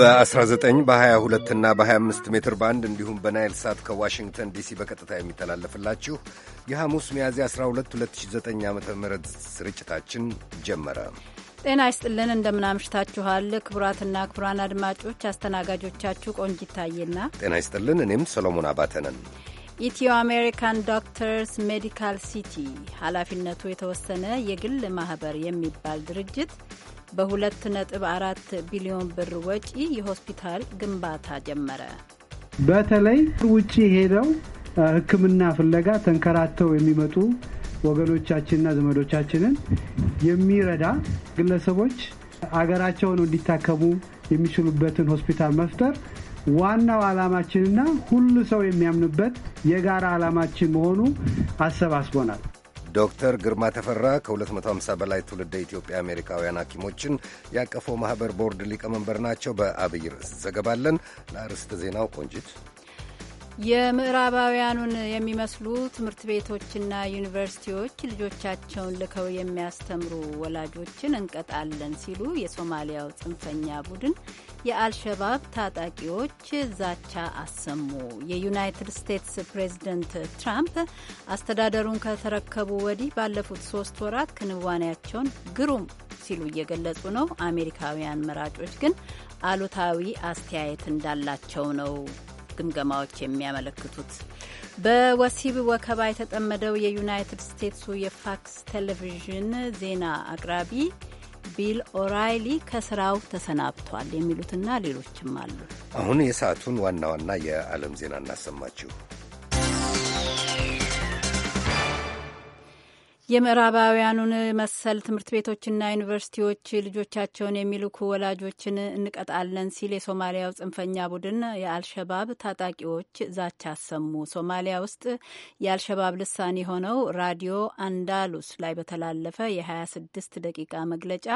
በ19 በ22 እና በ25 ሜትር ባንድ እንዲሁም በናይል ሳት ከዋሽንግተን ዲሲ በቀጥታ የሚተላለፍላችሁ የሐሙስ ሚያዝያ 12 2009 ዓ ም ስርጭታችን ጀመረ። ጤና ይስጥልን፣ እንደምናምሽታችኋል ክቡራትና ክቡራን አድማጮች አስተናጋጆቻችሁ ቆንጅ ይታየና፣ ጤና ይስጥልን፣ እኔም ሰሎሞን አባተ ነን። ኢትዮ አሜሪካን ዶክተርስ ሜዲካል ሲቲ ኃላፊነቱ የተወሰነ የግል ማህበር የሚባል ድርጅት በ2.4 ቢሊዮን ብር ወጪ የሆስፒታል ግንባታ ጀመረ። በተለይ ውጭ ሄደው ሕክምና ፍለጋ ተንከራተው የሚመጡ ወገኖቻችንና ዘመዶቻችንን የሚረዳ ግለሰቦች አገራቸውን እንዲታከሙ የሚችሉበትን ሆስፒታል መፍጠር ዋናው ዓላማችንና ሁሉ ሰው የሚያምንበት የጋራ ዓላማችን መሆኑ አሰባስቦናል። ዶክተር ግርማ ተፈራ ከ250 በላይ ትውልደ ኢትዮጵያ አሜሪካውያን ሐኪሞችን ያቀፈው ማኅበር ቦርድ ሊቀመንበር ናቸው። በአብይ ርዕስ ዘገባለን። ለአርዕስተ ዜናው ቆንጂት የምዕራባውያኑን የሚመስሉ ትምህርት ቤቶችና ዩኒቨርሲቲዎች ልጆቻቸውን ልከው የሚያስተምሩ ወላጆችን እንቀጣለን ሲሉ የሶማሊያው ጽንፈኛ ቡድን የአልሸባብ ታጣቂዎች ዛቻ አሰሙ። የዩናይትድ ስቴትስ ፕሬዝደንት ትራምፕ አስተዳደሩን ከተረከቡ ወዲህ ባለፉት ሶስት ወራት ክንዋኔያቸውን ግሩም ሲሉ እየገለጹ ነው። አሜሪካውያን መራጮች ግን አሉታዊ አስተያየት እንዳላቸው ነው ግምገማዎች የሚያመለክቱት። በወሲብ ወከባ የተጠመደው የዩናይትድ ስቴትሱ የፋክስ ቴሌቪዥን ዜና አቅራቢ ቢል ኦራይሊ ከስራው ተሰናብቷል። የሚሉትና ሌሎችም አሉ። አሁን የሰዓቱን ዋና ዋና የዓለም ዜና እናሰማችሁ። የምዕራባውያኑን መሰል ትምህርት ቤቶችና ዩኒቨርሲቲዎች ልጆቻቸውን የሚልኩ ወላጆችን እንቀጣለን ሲል የሶማሊያው ጽንፈኛ ቡድን የአልሸባብ ታጣቂዎች ዛቻ አሰሙ። ሶማሊያ ውስጥ የአልሸባብ ልሳን የሆነው ራዲዮ አንዳሉስ ላይ በተላለፈ የ26 ደቂቃ መግለጫ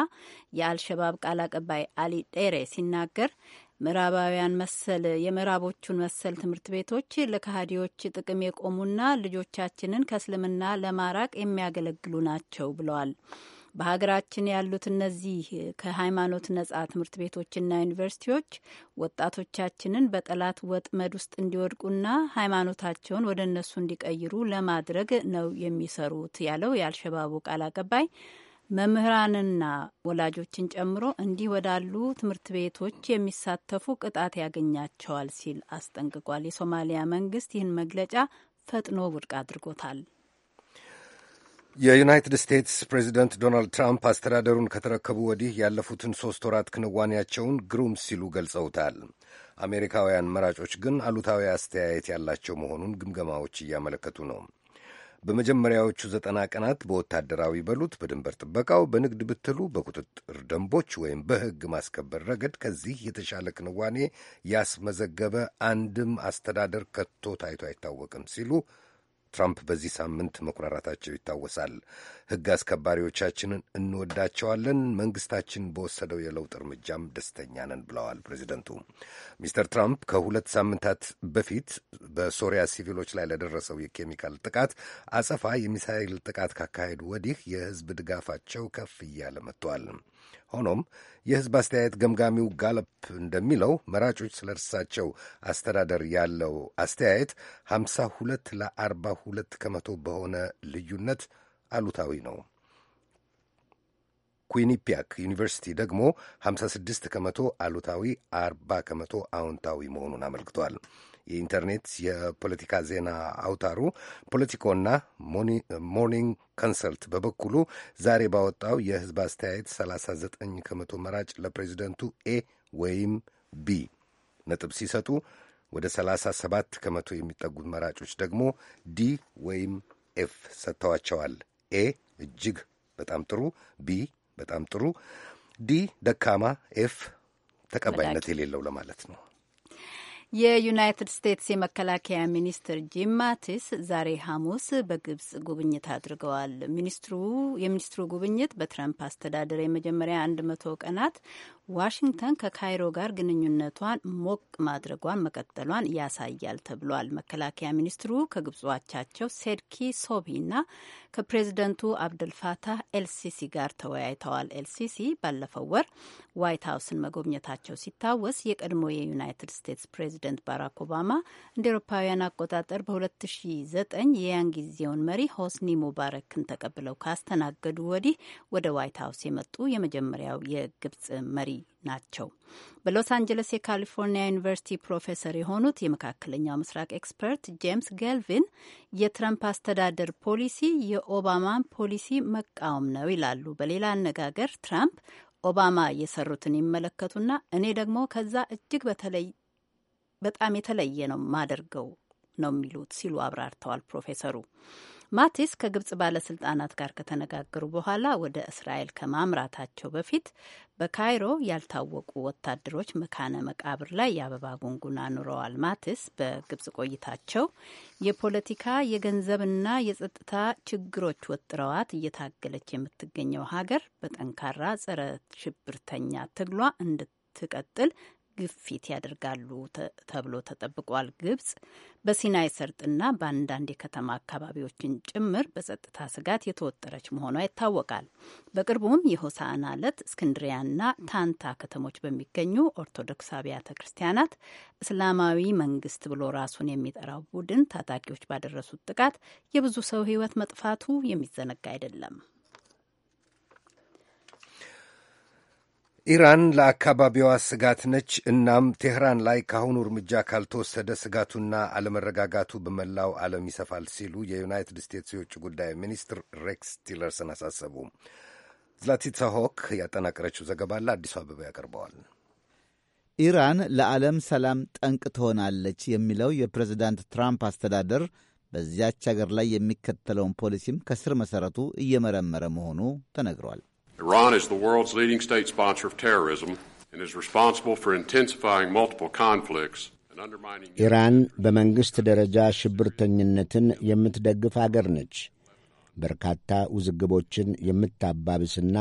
የአልሸባብ ቃል አቀባይ አሊ ዴሬ ሲናገር ምዕራባውያን መሰል የምዕራቦቹን መሰል ትምህርት ቤቶች ለካሃዲዎች ጥቅም የቆሙና ልጆቻችንን ከእስልምና ለማራቅ የሚያገለግሉ ናቸው ብለዋል። በሀገራችን ያሉት እነዚህ ከሃይማኖት ነጻ ትምህርት ቤቶችና ዩኒቨርሲቲዎች ወጣቶቻችንን በጠላት ወጥመድ ውስጥ እንዲወድቁና ሃይማኖታቸውን ወደ እነሱ እንዲቀይሩ ለማድረግ ነው የሚሰሩት ያለው የአልሸባቡ ቃል አቀባይ መምህራንና ወላጆችን ጨምሮ እንዲህ ወዳሉ ትምህርት ቤቶች የሚሳተፉ ቅጣት ያገኛቸዋል ሲል አስጠንቅቋል። የሶማሊያ መንግስት ይህን መግለጫ ፈጥኖ ውድቅ አድርጎታል። የዩናይትድ ስቴትስ ፕሬዚደንት ዶናልድ ትራምፕ አስተዳደሩን ከተረከቡ ወዲህ ያለፉትን ሦስት ወራት ክንዋኔያቸውን ግሩም ሲሉ ገልጸውታል። አሜሪካውያን መራጮች ግን አሉታዊ አስተያየት ያላቸው መሆኑን ግምገማዎች እያመለከቱ ነው። በመጀመሪያዎቹ ዘጠና ቀናት በወታደራዊ በሉት፣ በድንበር ጥበቃው፣ በንግድ ብትሉ፣ በቁጥጥር ደንቦች ወይም በሕግ ማስከበር ረገድ ከዚህ የተሻለ ክንዋኔ ያስመዘገበ አንድም አስተዳደር ከቶ ታይቶ አይታወቅም ሲሉ ትራምፕ በዚህ ሳምንት መኩራራታቸው ይታወሳል። ሕግ አስከባሪዎቻችንን እንወዳቸዋለን፣ መንግስታችን በወሰደው የለውጥ እርምጃም ደስተኛ ነን ብለዋል ፕሬዚደንቱ። ሚስተር ትራምፕ ከሁለት ሳምንታት በፊት በሶሪያ ሲቪሎች ላይ ለደረሰው የኬሚካል ጥቃት አጸፋ የሚሳይል ጥቃት ካካሄዱ ወዲህ የህዝብ ድጋፋቸው ከፍ እያለ መጥቷል። ሆኖም የህዝብ አስተያየት ገምጋሚው ጋለፕ እንደሚለው መራጮች ስለ እርሳቸው አስተዳደር ያለው አስተያየት 52 ለ42 ከመቶ በሆነ ልዩነት አሉታዊ ነው። ኩዊኒፒያክ ዩኒቨርሲቲ ደግሞ 56 ከመቶ አሉታዊ፣ 40 ከመቶ አዎንታዊ መሆኑን አመልክቷል። የኢንተርኔት የፖለቲካ ዜና አውታሩ ፖለቲኮና ሞርኒንግ ከንሰልት በበኩሉ ዛሬ ባወጣው የህዝብ አስተያየት 39 ከመቶ መራጭ ለፕሬዚደንቱ ኤ ወይም ቢ ነጥብ ሲሰጡ ወደ 37 ከመቶ የሚጠጉት መራጮች ደግሞ ዲ ወይም ኤፍ ሰጥተዋቸዋል። ኤ እጅግ በጣም ጥሩ፣ ቢ በጣም ጥሩ፣ ዲ ደካማ፣ ኤፍ ተቀባይነት የሌለው ለማለት ነው። የዩናይትድ ስቴትስ የመከላከያ ሚኒስትር ጂም ማቲስ ዛሬ ሐሙስ በግብጽ ጉብኝት አድርገዋል። ሚኒስትሩ የሚኒስትሩ ጉብኝት በትረምፕ አስተዳደር የመጀመሪያ አንድ መቶ ቀናት ዋሽንግተን ከካይሮ ጋር ግንኙነቷን ሞቅ ማድረጓን መቀጠሏን ያሳያል ተብሏል። መከላከያ ሚኒስትሩ ከግብጽ አቻቸው ሴድኪ ሶቢና ከፕሬዚደንቱ አብደልፋታህ ኤልሲሲ ጋር ተወያይተዋል። ኤልሲሲ ባለፈው ወር ዋይት ሀውስን መጎብኘታቸው ሲታወስ የቀድሞ የዩናይትድ ስቴትስ ፕሬዚደንት ባራክ ኦባማ እንደ ኤሮፓውያን አቆጣጠር በ2009 የያን ጊዜውን መሪ ሆስኒ ሙባረክን ተቀብለው ካስተናገዱ ወዲህ ወደ ዋይት ሀውስ የመጡ የመጀመሪያው የግብጽ መሪ ናቸው። በሎስ አንጀለስ የካሊፎርኒያ ዩኒቨርሲቲ ፕሮፌሰር የሆኑት የመካከለኛው ምስራቅ ኤክስፐርት ጄምስ ገልቪን የትረምፕ አስተዳደር ፖሊሲ የኦባማን ፖሊሲ መቃወም ነው ይላሉ። በሌላ አነጋገር ትራምፕ ኦባማ የሰሩትን ይመለከቱና እኔ ደግሞ ከዛ እጅግ በጣም የተለየ ነው ማደርገው ነው የሚሉት ሲሉ አብራርተዋል ፕሮፌሰሩ። ማቲስ ከግብጽ ባለስልጣናት ጋር ከተነጋገሩ በኋላ ወደ እስራኤል ከማምራታቸው በፊት በካይሮ ያልታወቁ ወታደሮች መካነ መቃብር ላይ የአበባ ጉንጉን አኑረዋል። ማቲስ በግብጽ ቆይታቸው የፖለቲካ የገንዘብና የጸጥታ ችግሮች ወጥረዋት እየታገለች የምትገኘው ሀገር በጠንካራ ጸረ ሽብርተኛ ትግሏ እንድትቀጥል ግፊት ያደርጋሉ ተብሎ ተጠብቋል። ግብጽ በሲናይ ሰርጥና በአንዳንድ የከተማ አካባቢዎችን ጭምር በጸጥታ ስጋት የተወጠረች መሆኗ ይታወቃል። በቅርቡም የሆሳዕና ዕለት እስክንድሪያና ታንታ ከተሞች በሚገኙ ኦርቶዶክስ አብያተ ክርስቲያናት እስላማዊ መንግስት ብሎ ራሱን የሚጠራው ቡድን ታጣቂዎች ባደረሱት ጥቃት የብዙ ሰው ሕይወት መጥፋቱ የሚዘነጋ አይደለም። ኢራን ለአካባቢዋ ስጋት ነች። እናም ቴህራን ላይ ከአሁኑ እርምጃ ካልተወሰደ ስጋቱና አለመረጋጋቱ በመላው ዓለም ይሰፋል ሲሉ የዩናይትድ ስቴትስ የውጭ ጉዳይ ሚኒስትር ሬክስ ቲለርሰን አሳሰቡ። ዝላቲታ ሆክ ያጠናቀረችው ዘገባ ለአዲሱ አበባ ያቀርበዋል። ኢራን ለዓለም ሰላም ጠንቅ ትሆናለች የሚለው የፕሬዚዳንት ትራምፕ አስተዳደር በዚያች አገር ላይ የሚከተለውን ፖሊሲም ከስር መሠረቱ እየመረመረ መሆኑ ተነግሯል። Iran is the world's leading state sponsor of terrorism and is responsible for intensifying multiple conflicts and undermining. Iran, በመንግስት ደረጃ ሽብርተኝነትን የምትደግፍ አገር ነች። በርካታ ውዝግቦችን የምታባብስና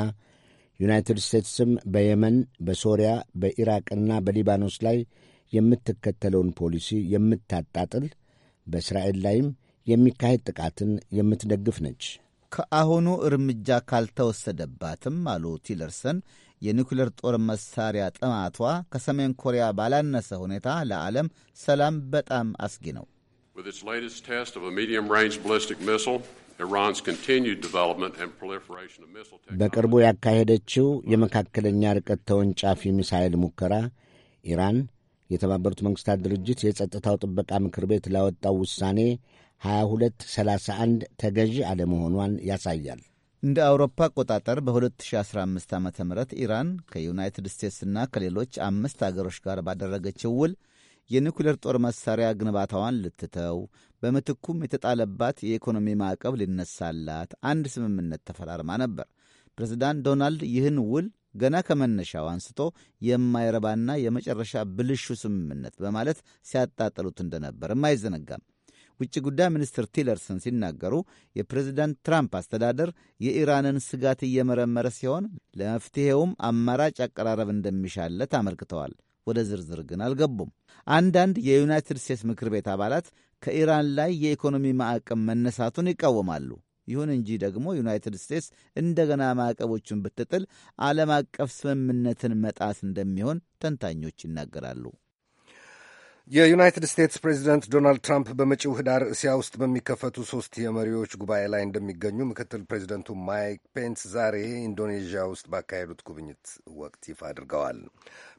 ዩናይትድ ስቴትስም በየመን፣ በሶሪያ፣ በኢራቅና በሊባኖስ ላይ የምትከተለውን ፖሊሲ የምታጣጥል፣ በእስራኤል ላይም የሚካሄድ ጥቃትን የምትደግፍ ነች። ከአሁኑ እርምጃ ካልተወሰደባትም አሉ ቲለርሰን የኒኩሌር ጦር መሳሪያ ጥማቷ ከሰሜን ኮሪያ ባላነሰ ሁኔታ ለዓለም ሰላም በጣም አስጊ ነው። በቅርቡ ያካሄደችው የመካከለኛ ርቀት ተወንጫፊ ሚሳይል ሙከራ ኢራን የተባበሩት መንግሥታት ድርጅት የጸጥታው ጥበቃ ምክር ቤት ላወጣው ውሳኔ 2231 ተገዢ አለመሆኗን ያሳያል። እንደ አውሮፓ አቆጣጠር በ2015 ዓ ም ኢራን ከዩናይትድ ስቴትስና ከሌሎች አምስት አገሮች ጋር ባደረገችው ውል የኒኩሌር ጦር መሣሪያ ግንባታዋን ልትተው በምትኩም የተጣለባት የኢኮኖሚ ማዕቀብ ሊነሳላት አንድ ስምምነት ተፈራርማ ነበር። ፕሬዚዳንት ዶናልድ ይህን ውል ገና ከመነሻው አንስቶ የማይረባና የመጨረሻ ብልሹ ስምምነት በማለት ሲያጣጥሉት እንደነበርም አይዘነጋም። ውጭ ጉዳይ ሚኒስትር ቲለርሰን ሲናገሩ የፕሬዚዳንት ትራምፕ አስተዳደር የኢራንን ስጋት እየመረመረ ሲሆን ለመፍትሔውም አማራጭ አቀራረብ እንደሚሻለት አመልክተዋል። ወደ ዝርዝር ግን አልገቡም። አንዳንድ የዩናይትድ ስቴትስ ምክር ቤት አባላት ከኢራን ላይ የኢኮኖሚ ማዕቀብ መነሳቱን ይቃወማሉ። ይሁን እንጂ ደግሞ ዩናይትድ ስቴትስ እንደገና ማዕቀቦቹን ብትጥል ዓለም አቀፍ ስምምነትን መጣስ እንደሚሆን ተንታኞች ይናገራሉ። የዩናይትድ ስቴትስ ፕሬዚደንት ዶናልድ ትራምፕ በመጪው ህዳር እስያ ውስጥ በሚከፈቱ ሶስት የመሪዎች ጉባኤ ላይ እንደሚገኙ ምክትል ፕሬዚደንቱ ማይክ ፔንስ ዛሬ ኢንዶኔዥያ ውስጥ ባካሄዱት ጉብኝት ወቅት ይፋ አድርገዋል።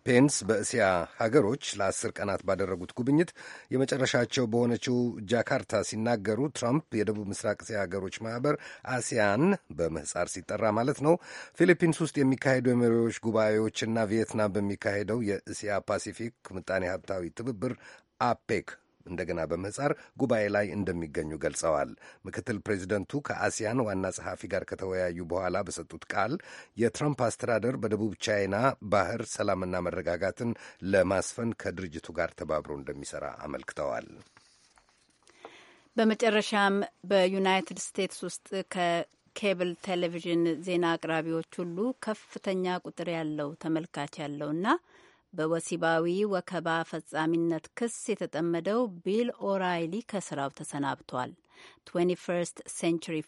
ፔንስ በእስያ ሀገሮች ለአስር ቀናት ባደረጉት ጉብኝት የመጨረሻቸው በሆነችው ጃካርታ ሲናገሩ ትራምፕ የደቡብ ምስራቅ እስያ ሀገሮች ማህበር አሲያን በምህጻር ሲጠራ ማለት ነው ፊሊፒንስ ውስጥ የሚካሄዱ የመሪዎች ጉባኤዎችና ቪየትናም በሚካሄደው የእስያ ፓሲፊክ ምጣኔ ሀብታዊ ትብብር አፔክ እንደገና በምህጻር ጉባኤ ላይ እንደሚገኙ ገልጸዋል። ምክትል ፕሬዚደንቱ ከአሲያን ዋና ጸሐፊ ጋር ከተወያዩ በኋላ በሰጡት ቃል የትራምፕ አስተዳደር በደቡብ ቻይና ባህር ሰላምና መረጋጋትን ለማስፈን ከድርጅቱ ጋር ተባብሮ እንደሚሰራ አመልክተዋል። በመጨረሻም በዩናይትድ ስቴትስ ውስጥ ከኬብል ቴሌቪዥን ዜና አቅራቢዎች ሁሉ ከፍተኛ ቁጥር ያለው ተመልካች ያለውና በወሲባዊ ወከባ ፈጻሚነት ክስ የተጠመደው ቢል ኦራይሊ ከስራው ተሰናብቷል። 21 ፈርስት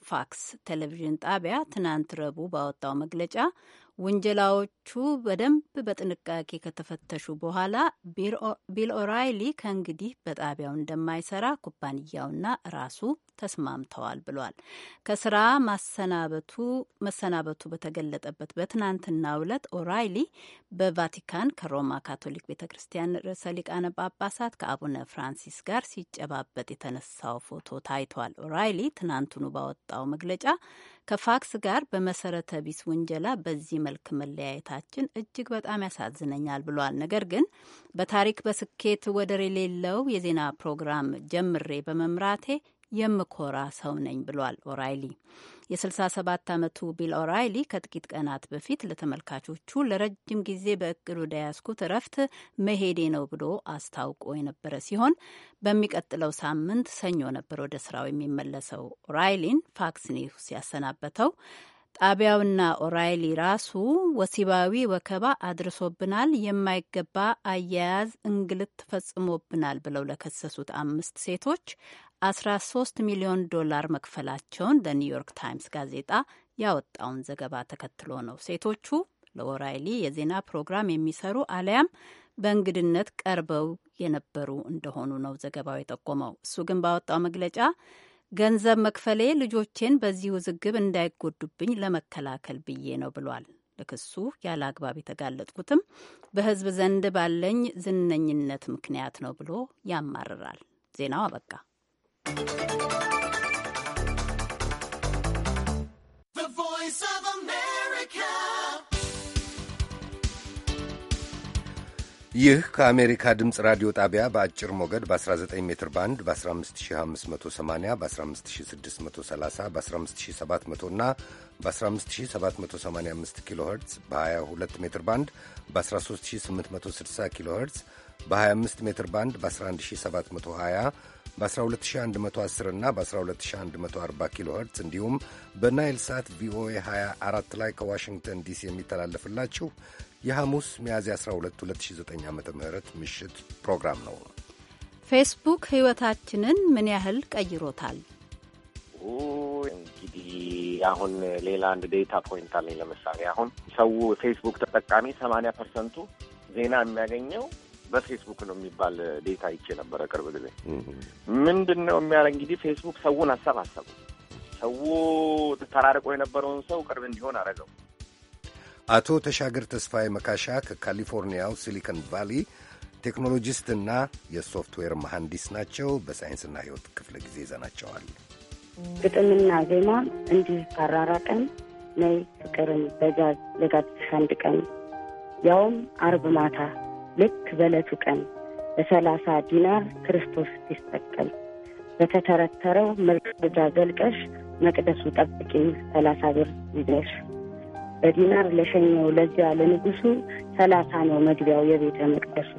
ፋክስ ቴሌቪዥን ጣቢያ ትናንት ረቡዕ ባወጣው መግለጫ ውንጀላዎቹ በደንብ በጥንቃቄ ከተፈተሹ በኋላ ቢል ኦራይሊ ከእንግዲህ በጣቢያው እንደማይሰራ ኩባንያውና ራሱ ተስማምተዋል ብሏል። ከስራ ማሰናበቱ መሰናበቱ በተገለጠበት በትናንትና ዕለት ኦራይሊ በቫቲካን ከሮማ ካቶሊክ ቤተ ክርስቲያን ርዕሰ ሊቃነ ጳጳሳት ከአቡነ ፍራንሲስ ጋር ሲጨባበጥ የተነሳው ፎቶ ታይቷል። ኦራይሊ ትናንቱኑ ባወጣው መግለጫ ከፋክስ ጋር በመሰረተ ቢስ ውንጀላ በዚህ መልክ መለያየታችን እጅግ በጣም ያሳዝነኛል ብሏል። ነገር ግን በታሪክ በስኬት ወደር የሌለው የዜና ፕሮግራም ጀምሬ በመምራቴ የምኮራ ሰው ነኝ ብሏል ኦራይሊ። የ67 ዓመቱ ቢል ኦራይሊ ከጥቂት ቀናት በፊት ለተመልካቾቹ ለረጅም ጊዜ በእቅድ ወደ ያዝኩት እረፍት መሄዴ ነው ብሎ አስታውቆ የነበረ ሲሆን በሚቀጥለው ሳምንት ሰኞ ነበር ወደ ስራው የሚመለሰው። ኦራይሊን ፋክስ ኒውስ ያሰናበተው ጣቢያውና ኦራይሊ ራሱ ወሲባዊ ወከባ አድርሶብናል፣ የማይገባ አያያዝ፣ እንግልት ፈጽሞብናል ብለው ለከሰሱት አምስት ሴቶች 13 ሚሊዮን ዶላር መክፈላቸውን ለኒውዮርክ ታይምስ ጋዜጣ ያወጣውን ዘገባ ተከትሎ ነው። ሴቶቹ ለኦራይሊ የዜና ፕሮግራም የሚሰሩ አሊያም በእንግድነት ቀርበው የነበሩ እንደሆኑ ነው ዘገባው የጠቆመው። እሱ ግን ባወጣው መግለጫ ገንዘብ መክፈሌ ልጆቼን በዚህ ውዝግብ እንዳይጎዱብኝ ለመከላከል ብዬ ነው ብሏል። ለክሱ ያለ አግባብ የተጋለጥኩትም በሕዝብ ዘንድ ባለኝ ዝነኝነት ምክንያት ነው ብሎ ያማርራል። ዜናው አበቃ። ይህ ከአሜሪካ ድምፅ ራዲዮ ጣቢያ በአጭር ሞገድ በ19 ሜትር ባንድ በ15580 በ15630 በ15700 እና በ15785 ኪሎ ኸርትዝ በ22 ሜትር ባንድ በ13860 ኪሎ ኸርትዝ በ25 ሜትር ባንድ በ11720 በ12110 እና በ12140 ኪሎ ኸርትዝ እንዲሁም በናይል ሳት ቪኦኤ 24 ላይ ከዋሽንግተን ዲሲ የሚተላለፍላችሁ የሐሙስ ሚያዝያ 12 2009 ዓ ም ምሽት ፕሮግራም ነው። ፌስቡክ ሕይወታችንን ምን ያህል ቀይሮታል? እንግዲህ አሁን ሌላ አንድ ዴታ ፖይንት አለኝ። ለምሳሌ አሁን ሰው ፌስቡክ ተጠቃሚ ሰማንያ ፐርሰንቱ ዜና የሚያገኘው በፌስቡክ ነው የሚባል ዴታ ይቼ ነበረ ቅርብ ጊዜ። ምንድን ነው የሚያለ እንግዲህ ፌስቡክ ሰውን አሰባሰቡ። ሰው ተራርቆ የነበረውን ሰው ቅርብ እንዲሆን አረገው። አቶ ተሻገር ተስፋዬ መካሻ ከካሊፎርኒያው ሲሊከን ቫሊ ቴክኖሎጂስትና የሶፍትዌር መሐንዲስ ናቸው። በሳይንስና ሕይወት ክፍለ ጊዜ ይዘናቸዋል። ግጥምና ዜማ እንዲህ ካራራቀን ነይ ፍቅርን በጃዝ ለጋብዝሽ አንድ ቀን ያውም አርብ ማታ ልክ በዕለቱ ቀን በሰላሳ ዲናር ክርስቶስ ሲሰቀል በተተረተረው መጋረጃ ገልቀሽ መቅደሱ ጠብቂኝ ሰላሳ ብር ይዘሽ በዲናር ለሸኘው ለዚያ ለንጉሱ ሰላሳ ነው መግቢያው የቤተ መቅደሱ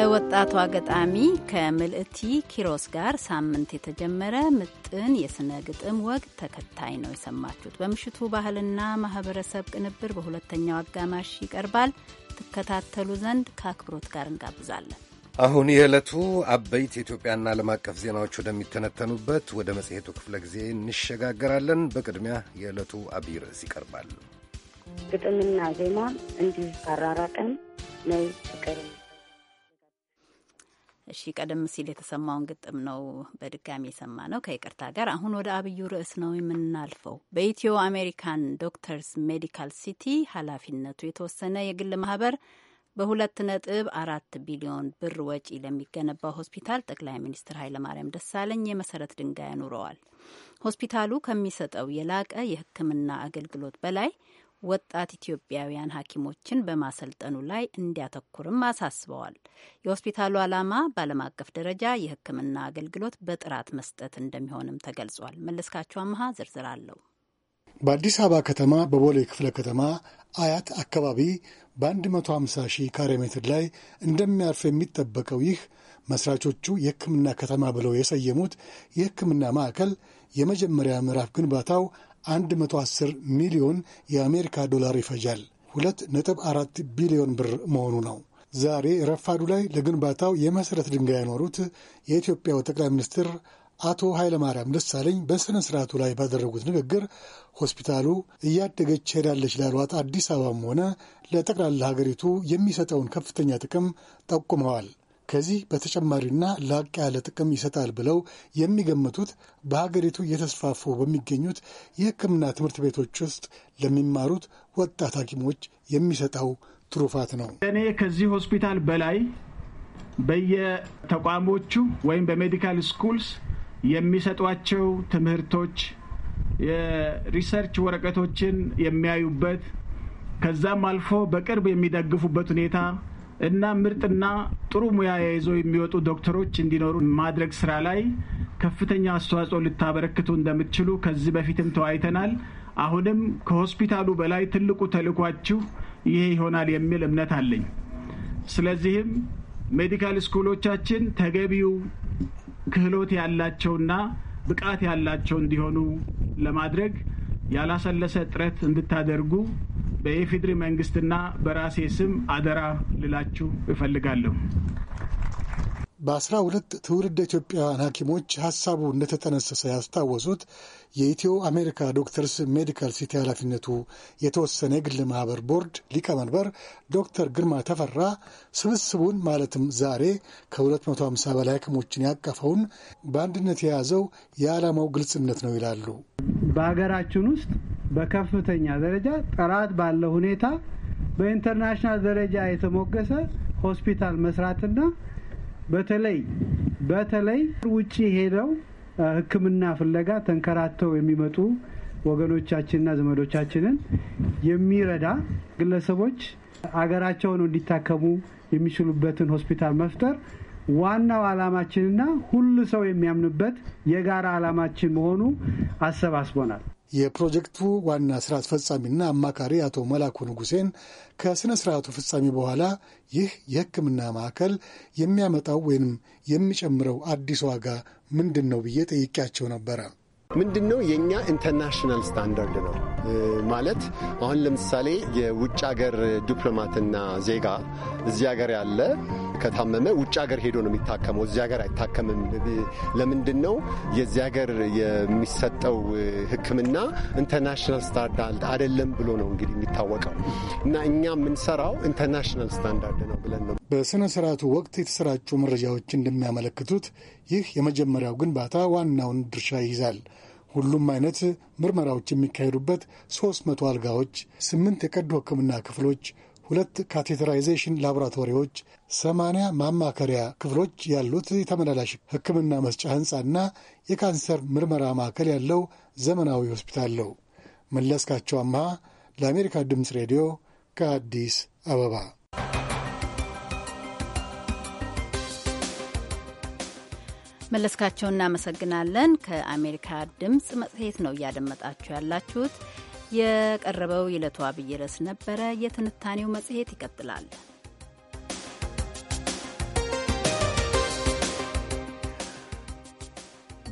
ከወጣቷ ገጣሚ ከምልእቲ ኪሮስ ጋር ሳምንት የተጀመረ ምጥን የስነ ግጥም ወግ ተከታይ ነው የሰማችሁት። በምሽቱ ባህልና ማህበረሰብ ቅንብር በሁለተኛው አጋማሽ ይቀርባል። ትከታተሉ ዘንድ ከአክብሮት ጋር እንጋብዛለን። አሁን የዕለቱ አበይት የኢትዮጵያና ዓለም አቀፍ ዜናዎች ወደሚተነተኑበት ወደ መጽሔቱ ክፍለ ጊዜ እንሸጋገራለን። በቅድሚያ የዕለቱ አብይ ርዕስ ይቀርባል። ግጥምና ዜማ እንዲህ አራራቀን ነይ ፍቅርም እሺ ቀደም ሲል የተሰማውን ግጥም ነው በድጋሚ የሰማ ነው ከይቅርታ ጋር። አሁን ወደ አብዩ ርዕስ ነው የምናልፈው። በኢትዮ አሜሪካን ዶክተርስ ሜዲካል ሲቲ ኃላፊነቱ የተወሰነ የግል ማህበር በሁለት ነጥብ አራት ቢሊዮን ብር ወጪ ለሚገነባው ሆስፒታል ጠቅላይ ሚኒስትር ኃይለማርያም ደሳለኝ የመሰረት ድንጋይ አኑረዋል። ሆስፒታሉ ከሚሰጠው የላቀ የሕክምና አገልግሎት በላይ ወጣት ኢትዮጵያውያን ሐኪሞችን በማሰልጠኑ ላይ እንዲያተኩርም አሳስበዋል። የሆስፒታሉ ዓላማ በዓለም አቀፍ ደረጃ የሕክምና አገልግሎት በጥራት መስጠት እንደሚሆንም ተገልጿል። መለስካቸው አመሃ ዝርዝር አለው። በአዲስ አበባ ከተማ በቦሌ ክፍለ ከተማ አያት አካባቢ በ150 ሺህ ካሬ ሜትር ላይ እንደሚያርፍ የሚጠበቀው ይህ መስራቾቹ የሕክምና ከተማ ብለው የሰየሙት የሕክምና ማዕከል የመጀመሪያ ምዕራፍ ግንባታው 110 ሚሊዮን የአሜሪካ ዶላር ይፈጃል። 2.4 ቢሊዮን ብር መሆኑ ነው። ዛሬ ረፋዱ ላይ ለግንባታው የመሠረት ድንጋይ ያኖሩት የኢትዮጵያው ጠቅላይ ሚኒስትር አቶ ኃይለማርያም ደሳለኝ በሥነ ሥርዓቱ ላይ ባደረጉት ንግግር ሆስፒታሉ እያደገች ሄዳለች ላሏት አዲስ አበባም ሆነ ለጠቅላላ ሀገሪቱ የሚሰጠውን ከፍተኛ ጥቅም ጠቁመዋል። ከዚህ በተጨማሪና ላቅ ያለ ጥቅም ይሰጣል ብለው የሚገምቱት በሀገሪቱ እየተስፋፉ በሚገኙት የሕክምና ትምህርት ቤቶች ውስጥ ለሚማሩት ወጣት ሐኪሞች የሚሰጠው ትሩፋት ነው። እኔ ከዚህ ሆስፒታል በላይ በየተቋሞቹ ወይም በሜዲካል ስኩልስ የሚሰጧቸው ትምህርቶች የሪሰርች ወረቀቶችን የሚያዩበት ከዛም አልፎ በቅርብ የሚደግፉበት ሁኔታ እና ምርጥና ጥሩ ሙያ ይዘው የሚወጡ ዶክተሮች እንዲኖሩ ማድረግ ስራ ላይ ከፍተኛ አስተዋጽኦ ልታበረክቱ እንደምትችሉ ከዚህ በፊትም ተወያይተናል። አሁንም ከሆስፒታሉ በላይ ትልቁ ተልኳችሁ ይሄ ይሆናል የሚል እምነት አለኝ። ስለዚህም ሜዲካል ስኩሎቻችን ተገቢው ክህሎት ያላቸውና ብቃት ያላቸው እንዲሆኑ ለማድረግ ያላሰለሰ ጥረት እንድታደርጉ በኢፌዴሪ መንግስትና በራሴ ስም አደራ ልላችሁ እፈልጋለሁ። በአስራ ሁለት ትውልድ ኢትዮጵያውያን ሐኪሞች ሐሳቡ እንደተጠነሰሰ ያስታወሱት የኢትዮ አሜሪካ ዶክተርስ ሜዲካል ሲቲ ኃላፊነቱ የተወሰነ የግል ማኅበር ቦርድ ሊቀመንበር ዶክተር ግርማ ተፈራ ስብስቡን ማለትም ዛሬ ከ250 በላይ ሐኪሞችን ያቀፈውን በአንድነት የያዘው የዓላማው ግልጽነት ነው ይላሉ። በሀገራችን ውስጥ በከፍተኛ ደረጃ ጥራት ባለው ሁኔታ በኢንተርናሽናል ደረጃ የተሞገሰ ሆስፒታል መስራትና በተለይ በተለይ ውጭ ሄደው ሕክምና ፍለጋ ተንከራተው የሚመጡ ወገኖቻችንና ዘመዶቻችንን የሚረዳ ግለሰቦች አገራቸውን እንዲታከሙ የሚችሉበትን ሆስፒታል መፍጠር ዋናው ዓላማችንና ሁሉ ሰው የሚያምንበት የጋራ ዓላማችን መሆኑ አሰባስቦናል። የፕሮጀክቱ ዋና ስራ አስፈጻሚና አማካሪ አቶ መላኩ ንጉሴን ከሥነ ስርዓቱ ፍጻሜ በኋላ ይህ የሕክምና ማዕከል የሚያመጣው ወይንም የሚጨምረው አዲስ ዋጋ ምንድን ነው ብዬ ጠይቄያቸው ነበረ። ምንድን ነው የእኛ ኢንተርናሽናል ስታንዳርድ ነው ማለት አሁን ለምሳሌ የውጭ ሀገር ዲፕሎማትና ዜጋ እዚህ ሀገር ያለ ከታመመ ውጭ ሀገር ሄዶ ነው የሚታከመው፣ እዚህ ሀገር አይታከምም። ለምንድን ነው የዚህ ሀገር የሚሰጠው ሕክምና ኢንተርናሽናል ስታንዳርድ አይደለም ብሎ ነው እንግዲህ የሚታወቀው እና እኛ የምንሰራው ኢንተርናሽናል ስታንዳርድ ነው ብለን ነው። በሥነ ሥርዓቱ ወቅት የተሰራጩ መረጃዎች እንደሚያመለክቱት ይህ የመጀመሪያው ግንባታ ዋናውን ድርሻ ይይዛል። ሁሉም አይነት ምርመራዎች የሚካሄዱበት 300 አልጋዎች፣ 8 የቀዶ ሕክምና ክፍሎች፣ ሁለት ካቴተራይዜሽን ላቦራቶሪዎች፣ 80 ማማከሪያ ክፍሎች ያሉት የተመላላሽ ሕክምና መስጫ ሕንፃና የካንሰር ምርመራ ማዕከል ያለው ዘመናዊ ሆስፒታል ነው። መለስካቸው አምሃ ለአሜሪካ ድምፅ ሬዲዮ ከአዲስ አበባ መለስካቸው እናመሰግናለን። ከአሜሪካ ድምፅ መጽሔት ነው እያደመጣችሁ ያላችሁት። የቀረበው የዕለቱ አብይ ርዕስ ነበረ። የትንታኔው መጽሔት ይቀጥላል።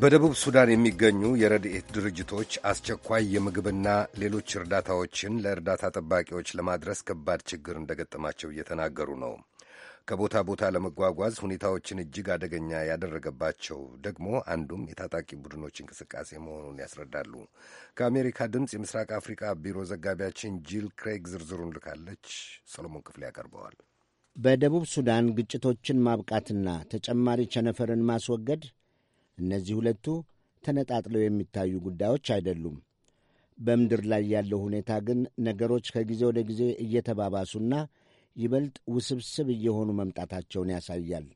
በደቡብ ሱዳን የሚገኙ የረድኤት ድርጅቶች አስቸኳይ የምግብና ሌሎች እርዳታዎችን ለእርዳታ ጠባቂዎች ለማድረስ ከባድ ችግር እንደገጠማቸው እየተናገሩ ነው። ከቦታ ቦታ ለመጓጓዝ ሁኔታዎችን እጅግ አደገኛ ያደረገባቸው ደግሞ አንዱም የታጣቂ ቡድኖች እንቅስቃሴ መሆኑን ያስረዳሉ። ከአሜሪካ ድምፅ የምስራቅ አፍሪካ ቢሮ ዘጋቢያችን ጂል ክሬግ ዝርዝሩን ልካለች። ሰሎሞን ክፍሌ ያቀርበዋል። በደቡብ ሱዳን ግጭቶችን ማብቃትና ተጨማሪ ቸነፈርን ማስወገድ፣ እነዚህ ሁለቱ ተነጣጥለው የሚታዩ ጉዳዮች አይደሉም። በምድር ላይ ያለው ሁኔታ ግን ነገሮች ከጊዜ ወደ ጊዜ እየተባባሱና ይበልጥ ውስብስብ እየሆኑ መምጣታቸውን ያሳያል።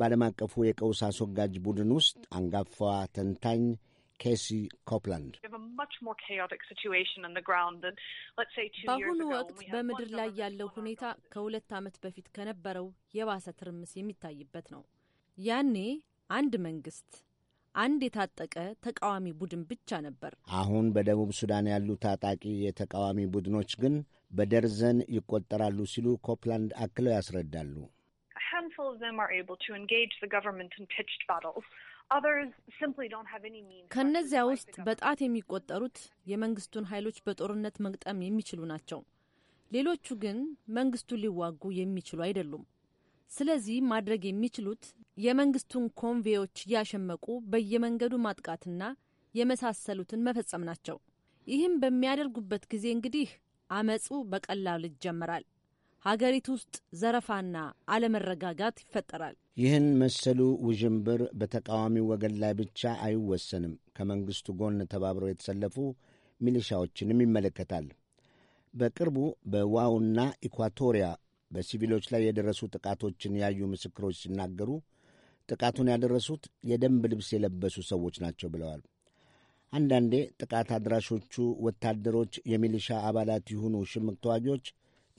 በዓለም አቀፉ የቀውስ አስወጋጅ ቡድን ውስጥ አንጋፋዋ ተንታኝ ኬሲ ኮፕላንድ በአሁኑ ወቅት በምድር ላይ ያለው ሁኔታ ከሁለት ዓመት በፊት ከነበረው የባሰ ትርምስ የሚታይበት ነው። ያኔ አንድ መንግስት፣ አንድ የታጠቀ ተቃዋሚ ቡድን ብቻ ነበር። አሁን በደቡብ ሱዳን ያሉ ታጣቂ የተቃዋሚ ቡድኖች ግን በደርዘን ይቆጠራሉ ሲሉ ኮፕላንድ አክለው ያስረዳሉ። ከእነዚያ ውስጥ በጣት የሚቆጠሩት የመንግስቱን ኃይሎች በጦርነት መግጠም የሚችሉ ናቸው። ሌሎቹ ግን መንግስቱን ሊዋጉ የሚችሉ አይደሉም። ስለዚህ ማድረግ የሚችሉት የመንግስቱን ኮንቬዮች እያሸመቁ በየመንገዱ ማጥቃትና የመሳሰሉትን መፈጸም ናቸው። ይህም በሚያደርጉበት ጊዜ እንግዲህ አመፁ በቀላሉ ይጀምራል። ሀገሪቱ ውስጥ ዘረፋና አለመረጋጋት ይፈጠራል። ይህን መሰሉ ውዥንብር በተቃዋሚው ወገን ላይ ብቻ አይወሰንም። ከመንግሥቱ ጎን ተባብረው የተሰለፉ ሚሊሻዎችንም ይመለከታል። በቅርቡ በዋውና ኢኳቶሪያ በሲቪሎች ላይ የደረሱ ጥቃቶችን ያዩ ምስክሮች ሲናገሩ ጥቃቱን ያደረሱት የደንብ ልብስ የለበሱ ሰዎች ናቸው ብለዋል። አንዳንዴ ጥቃት አድራሾቹ ወታደሮች፣ የሚሊሻ አባላት ይሁኑ ሽምቅ ተዋጊዎች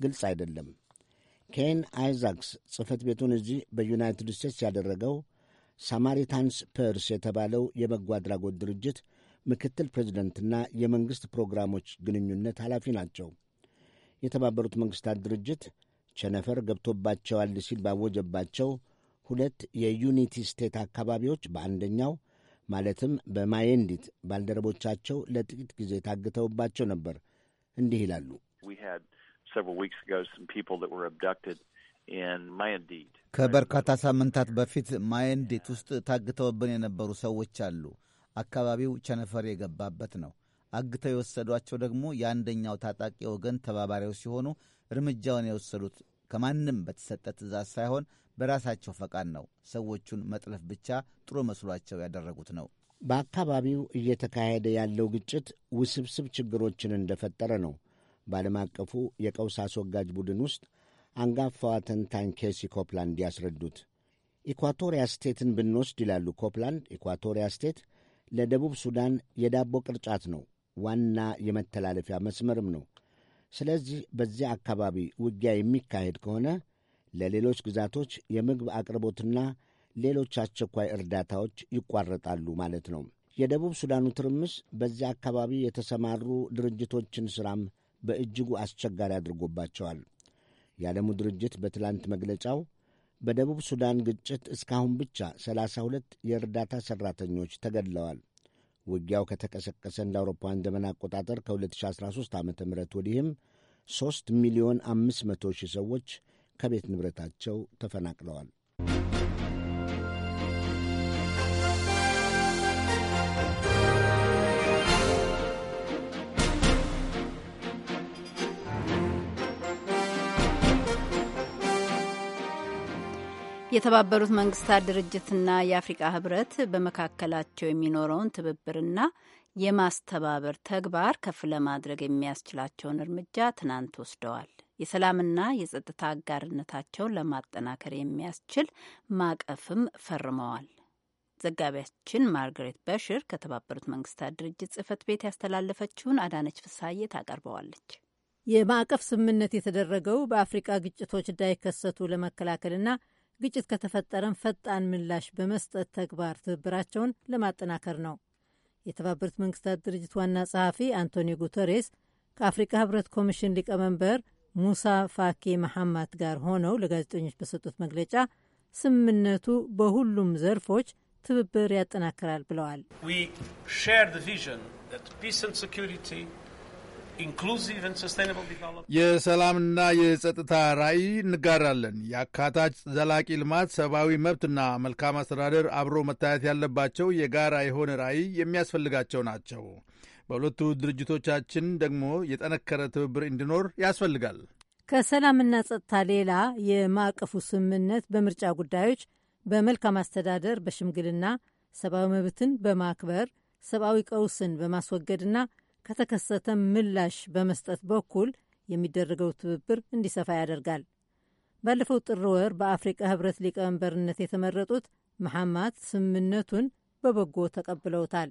ግልጽ አይደለም። ኬን አይዛክስ ጽሕፈት ቤቱን እዚህ በዩናይትድ ስቴትስ ያደረገው ሳማሪታንስ ፐርስ የተባለው የበጎ አድራጎት ድርጅት ምክትል ፕሬዚደንትና የመንግሥት ፕሮግራሞች ግንኙነት ኃላፊ ናቸው። የተባበሩት መንግሥታት ድርጅት ቸነፈር ገብቶባቸዋል ሲል ባወጀባቸው ሁለት የዩኒቲ ስቴት አካባቢዎች በአንደኛው ማለትም በማየንዲት ባልደረቦቻቸው ለጥቂት ጊዜ ታግተውባቸው ነበር። እንዲህ ይላሉ። ከበርካታ ሳምንታት በፊት ማየንዲት ውስጥ ታግተውብን የነበሩ ሰዎች አሉ። አካባቢው ቸነፈር የገባበት ነው። አግተው የወሰዷቸው ደግሞ የአንደኛው ታጣቂ ወገን ተባባሪው ሲሆኑ እርምጃውን የወሰዱት ከማንም በተሰጠ ትእዛዝ ሳይሆን በራሳቸው ፈቃድ ነው። ሰዎቹን መጥለፍ ብቻ ጥሩ መስሏቸው ያደረጉት ነው። በአካባቢው እየተካሄደ ያለው ግጭት ውስብስብ ችግሮችን እንደፈጠረ ነው በዓለም አቀፉ የቀውስ አስወጋጅ ቡድን ውስጥ አንጋፋዋ ተንታኝ ኬሲ ኮፕላንድ ያስረዱት። ኢኳቶሪያ ስቴትን ብንወስድ ይላሉ ኮፕላንድ፣ ኢኳቶሪያ ስቴት ለደቡብ ሱዳን የዳቦ ቅርጫት ነው፣ ዋና የመተላለፊያ መስመርም ነው። ስለዚህ በዚያ አካባቢ ውጊያ የሚካሄድ ከሆነ ለሌሎች ግዛቶች የምግብ አቅርቦትና ሌሎች አስቸኳይ እርዳታዎች ይቋረጣሉ ማለት ነው። የደቡብ ሱዳኑ ትርምስ በዚያ አካባቢ የተሰማሩ ድርጅቶችን ሥራም በእጅጉ አስቸጋሪ አድርጎባቸዋል። የዓለሙ ድርጅት በትላንት መግለጫው በደቡብ ሱዳን ግጭት እስካሁን ብቻ ሰላሳ ሁለት የእርዳታ ሠራተኞች ተገድለዋል። ውጊያው ከተቀሰቀሰ እንደ አውሮፓውያን ዘመን አቆጣጠር ከ2013 ዓ ም ወዲህም 3 ሚሊዮን 500 ሺህ ሰዎች ከቤት ንብረታቸው ተፈናቅለዋል። የተባበሩት መንግስታት ድርጅትና የአፍሪቃ ህብረት በመካከላቸው የሚኖረውን ትብብርና የማስተባበር ተግባር ከፍ ለማድረግ የሚያስችላቸውን እርምጃ ትናንት ወስደዋል። የሰላምና የጸጥታ አጋርነታቸውን ለማጠናከር የሚያስችል ማዕቀፍም ፈርመዋል። ዘጋቢያችን ማርገሬት በሽር ከተባበሩት መንግስታት ድርጅት ጽህፈት ቤት ያስተላለፈችውን አዳነች ፍሳዬ ታቀርበዋለች። የማዕቀፍ ስምምነት የተደረገው በአፍሪቃ ግጭቶች እንዳይከሰቱ ለመከላከልና ግጭት ከተፈጠረም ፈጣን ምላሽ በመስጠት ተግባር ትብብራቸውን ለማጠናከር ነው። የተባበሩት መንግስታት ድርጅት ዋና ጸሐፊ አንቶኒዮ ጉተሬስ ከአፍሪካ ህብረት ኮሚሽን ሊቀመንበር ሙሳ ፋኬ መሐማት ጋር ሆነው ለጋዜጠኞች በሰጡት መግለጫ ስምምነቱ በሁሉም ዘርፎች ትብብር ያጠናክራል ብለዋል። የሰላምና የጸጥታ ራዕይ እንጋራለን። የአካታች ዘላቂ ልማት፣ ሰብአዊ መብትና መልካም አስተዳደር አብሮ መታየት ያለባቸው የጋራ የሆነ ራዕይ የሚያስፈልጋቸው ናቸው። በሁለቱ ድርጅቶቻችን ደግሞ የጠነከረ ትብብር እንዲኖር ያስፈልጋል። ከሰላምና ጸጥታ ሌላ የማዕቀፉ ስምምነት በምርጫ ጉዳዮች፣ በመልካም አስተዳደር፣ በሽምግልና፣ ሰብአዊ መብትን በማክበር ሰብአዊ ቀውስን በማስወገድና ከተከሰተ ምላሽ በመስጠት በኩል የሚደረገው ትብብር እንዲሰፋ ያደርጋል። ባለፈው ጥር ወር በአፍሪቃ ህብረት ሊቀመንበርነት የተመረጡት መሐማት ስምምነቱን በበጎ ተቀብለውታል።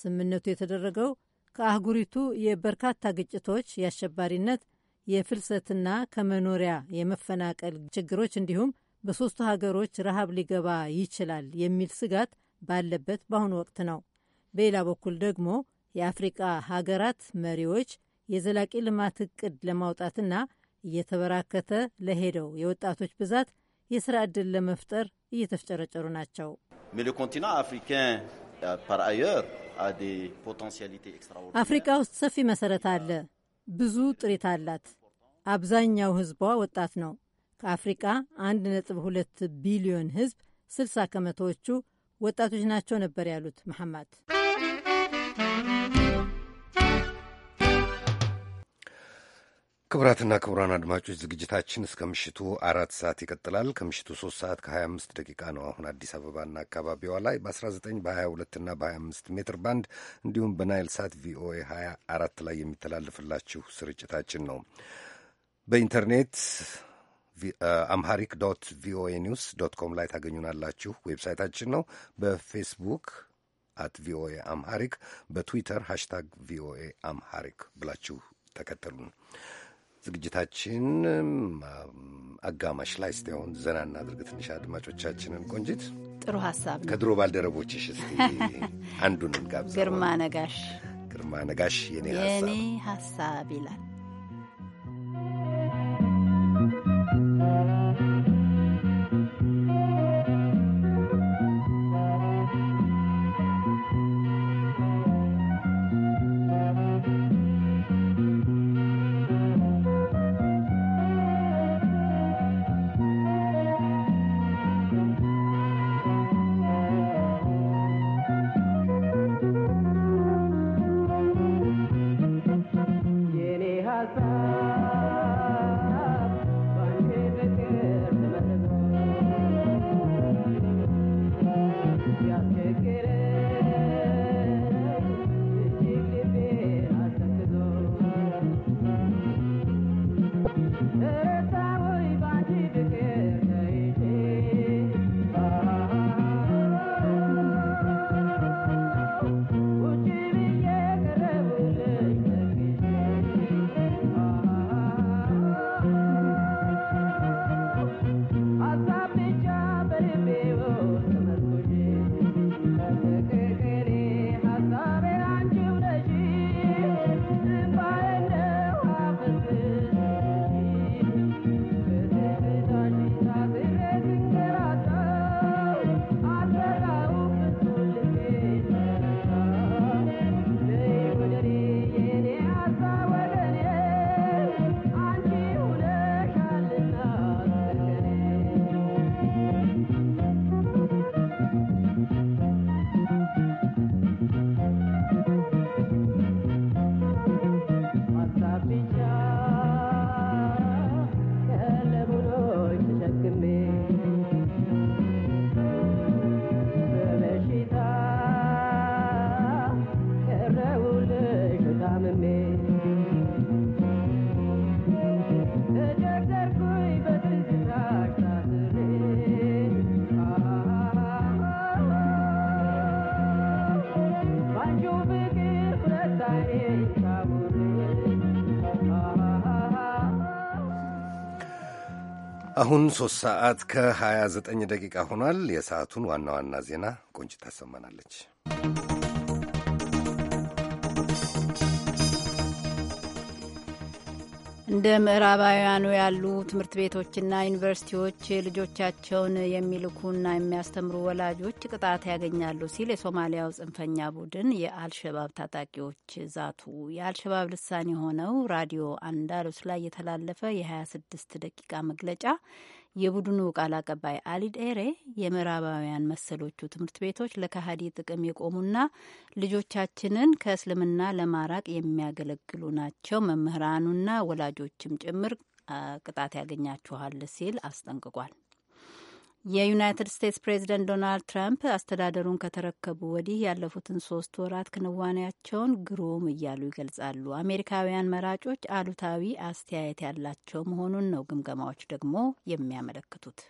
ስምምነቱ የተደረገው ከአህጉሪቱ የበርካታ ግጭቶች፣ የአሸባሪነት፣ የፍልሰትና ከመኖሪያ የመፈናቀል ችግሮች እንዲሁም በሦስቱ ሀገሮች ረሃብ ሊገባ ይችላል የሚል ስጋት ባለበት በአሁኑ ወቅት ነው። በሌላ በኩል ደግሞ የአፍሪቃ ሀገራት መሪዎች የዘላቂ ልማት እቅድ ለማውጣትና እየተበራከተ ለሄደው የወጣቶች ብዛት የስራ ዕድል ለመፍጠር እየተፍጨረጨሩ ናቸው። አፍሪካ ውስጥ ሰፊ መሰረት አለ። ብዙ ጥሪት አላት። አብዛኛው ህዝቧ ወጣት ነው። ከአፍሪቃ 1.2 ቢሊዮን ህዝብ 60 ከመቶዎቹ ወጣቶች ናቸው ነበር ያሉት መሐማት። ክቡራትና ክቡራን አድማጮች ዝግጅታችን እስከ ምሽቱ አራት ሰዓት ይቀጥላል። ከምሽቱ ሶስት ሰዓት ከ25 ደቂቃ ነው አሁን አዲስ አበባና አካባቢዋ ላይ በ19 በ22ና በ25 ሜትር ባንድ እንዲሁም በናይል ሳት ቪኦኤ 24 ላይ የሚተላለፍላችሁ ስርጭታችን ነው። በኢንተርኔት አምሃሪክ ዶት ቪኦኤ ኒውስ ዶት ኮም ላይ ታገኙናላችሁ። ዌብሳይታችን ነው። በፌስቡክ አት ቪኦኤ አምሃሪክ፣ በትዊተር ሃሽታግ ቪኦኤ አምሃሪክ ብላችሁ ተከተሉን። ዝግጅታችን አጋማሽ ላይ ስቲያውን ዘና እናድርግ ትንሽ አድማጮቻችንን። ቆንጂት ጥሩ ሀሳብ ነው። ከድሮ ባልደረቦችሽ እስቲ አንዱን ጋብዛ። ግርማ ነጋሽ ግርማ ነጋሽ የኔ ሀሳብ ይላል አሁን ሶስት ሰዓት ከ29 ደቂቃ ሆኗል። የሰዓቱን ዋና ዋና ዜና ቆንጭት ታሰማናለች። እንደ ምዕራባውያኑ ያሉ ትምህርት ቤቶችና ዩኒቨርሲቲዎች ልጆቻቸውን የሚልኩና የሚያስተምሩ ወላጆች ቅጣት ያገኛሉ ሲል የሶማሊያው ጽንፈኛ ቡድን የአልሸባብ ታጣቂዎች ዛቱ። የአልሸባብ ልሳን የሆነው ራዲዮ አንዳሉስ ላይ የተላለፈ የ26 ደቂቃ መግለጫ የቡድኑ ቃል አቀባይ አሊ ዴሬ የምዕራባውያን መሰሎቹ ትምህርት ቤቶች ለካሃዲ ጥቅም የቆሙና ልጆቻችንን ከእስልምና ለማራቅ የሚያገለግሉ ናቸው፣ መምህራኑና ወላጆችም ጭምር ቅጣት ያገኛችኋል ሲል አስጠንቅቋል። የዩናይትድ ስቴትስ ፕሬዚደንት ዶናልድ ትራምፕ አስተዳደሩን ከተረከቡ ወዲህ ያለፉትን ሶስት ወራት ክንዋኔያቸውን ግሩም እያሉ ይገልጻሉ። አሜሪካውያን መራጮች አሉታዊ አስተያየት ያላቸው መሆኑን ነው ግምገማዎች ደግሞ የሚያመለክቱት።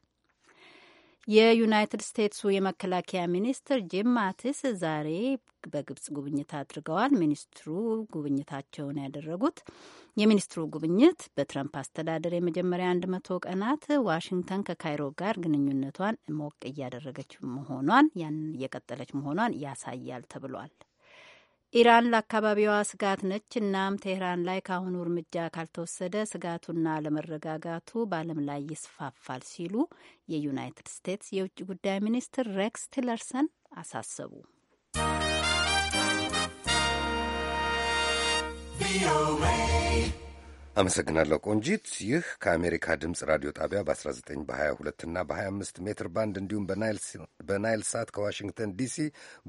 የዩናይትድ ስቴትሱ የመከላከያ ሚኒስትር ጂም ማቲስ ዛሬ በግብጽ ጉብኝት አድርገዋል። ሚኒስትሩ ጉብኝታቸውን ያደረጉት የሚኒስትሩ ጉብኝት በትረምፕ አስተዳደር የመጀመሪያ አንድ መቶ ቀናት ዋሽንግተን ከካይሮ ጋር ግንኙነቷን ሞቅ እያደረገች መሆኗን ያን እየቀጠለች መሆኗን ያሳያል ተብሏል። ኢራን ለአካባቢዋ ስጋት ነች። እናም ቴህራን ላይ ከአሁኑ እርምጃ ካልተወሰደ ስጋቱና አለመረጋጋቱ በዓለም ላይ ይስፋፋል ሲሉ የዩናይትድ ስቴትስ የውጭ ጉዳይ ሚኒስትር ሬክስ ቲለርሰን አሳሰቡ። ቪኦኤ አመሰግናለሁ ቆንጂት። ይህ ከአሜሪካ ድምፅ ራዲዮ ጣቢያ በ19 በ22 እና በ25 ሜትር ባንድ እንዲሁም በናይል ሳት ከዋሽንግተን ዲሲ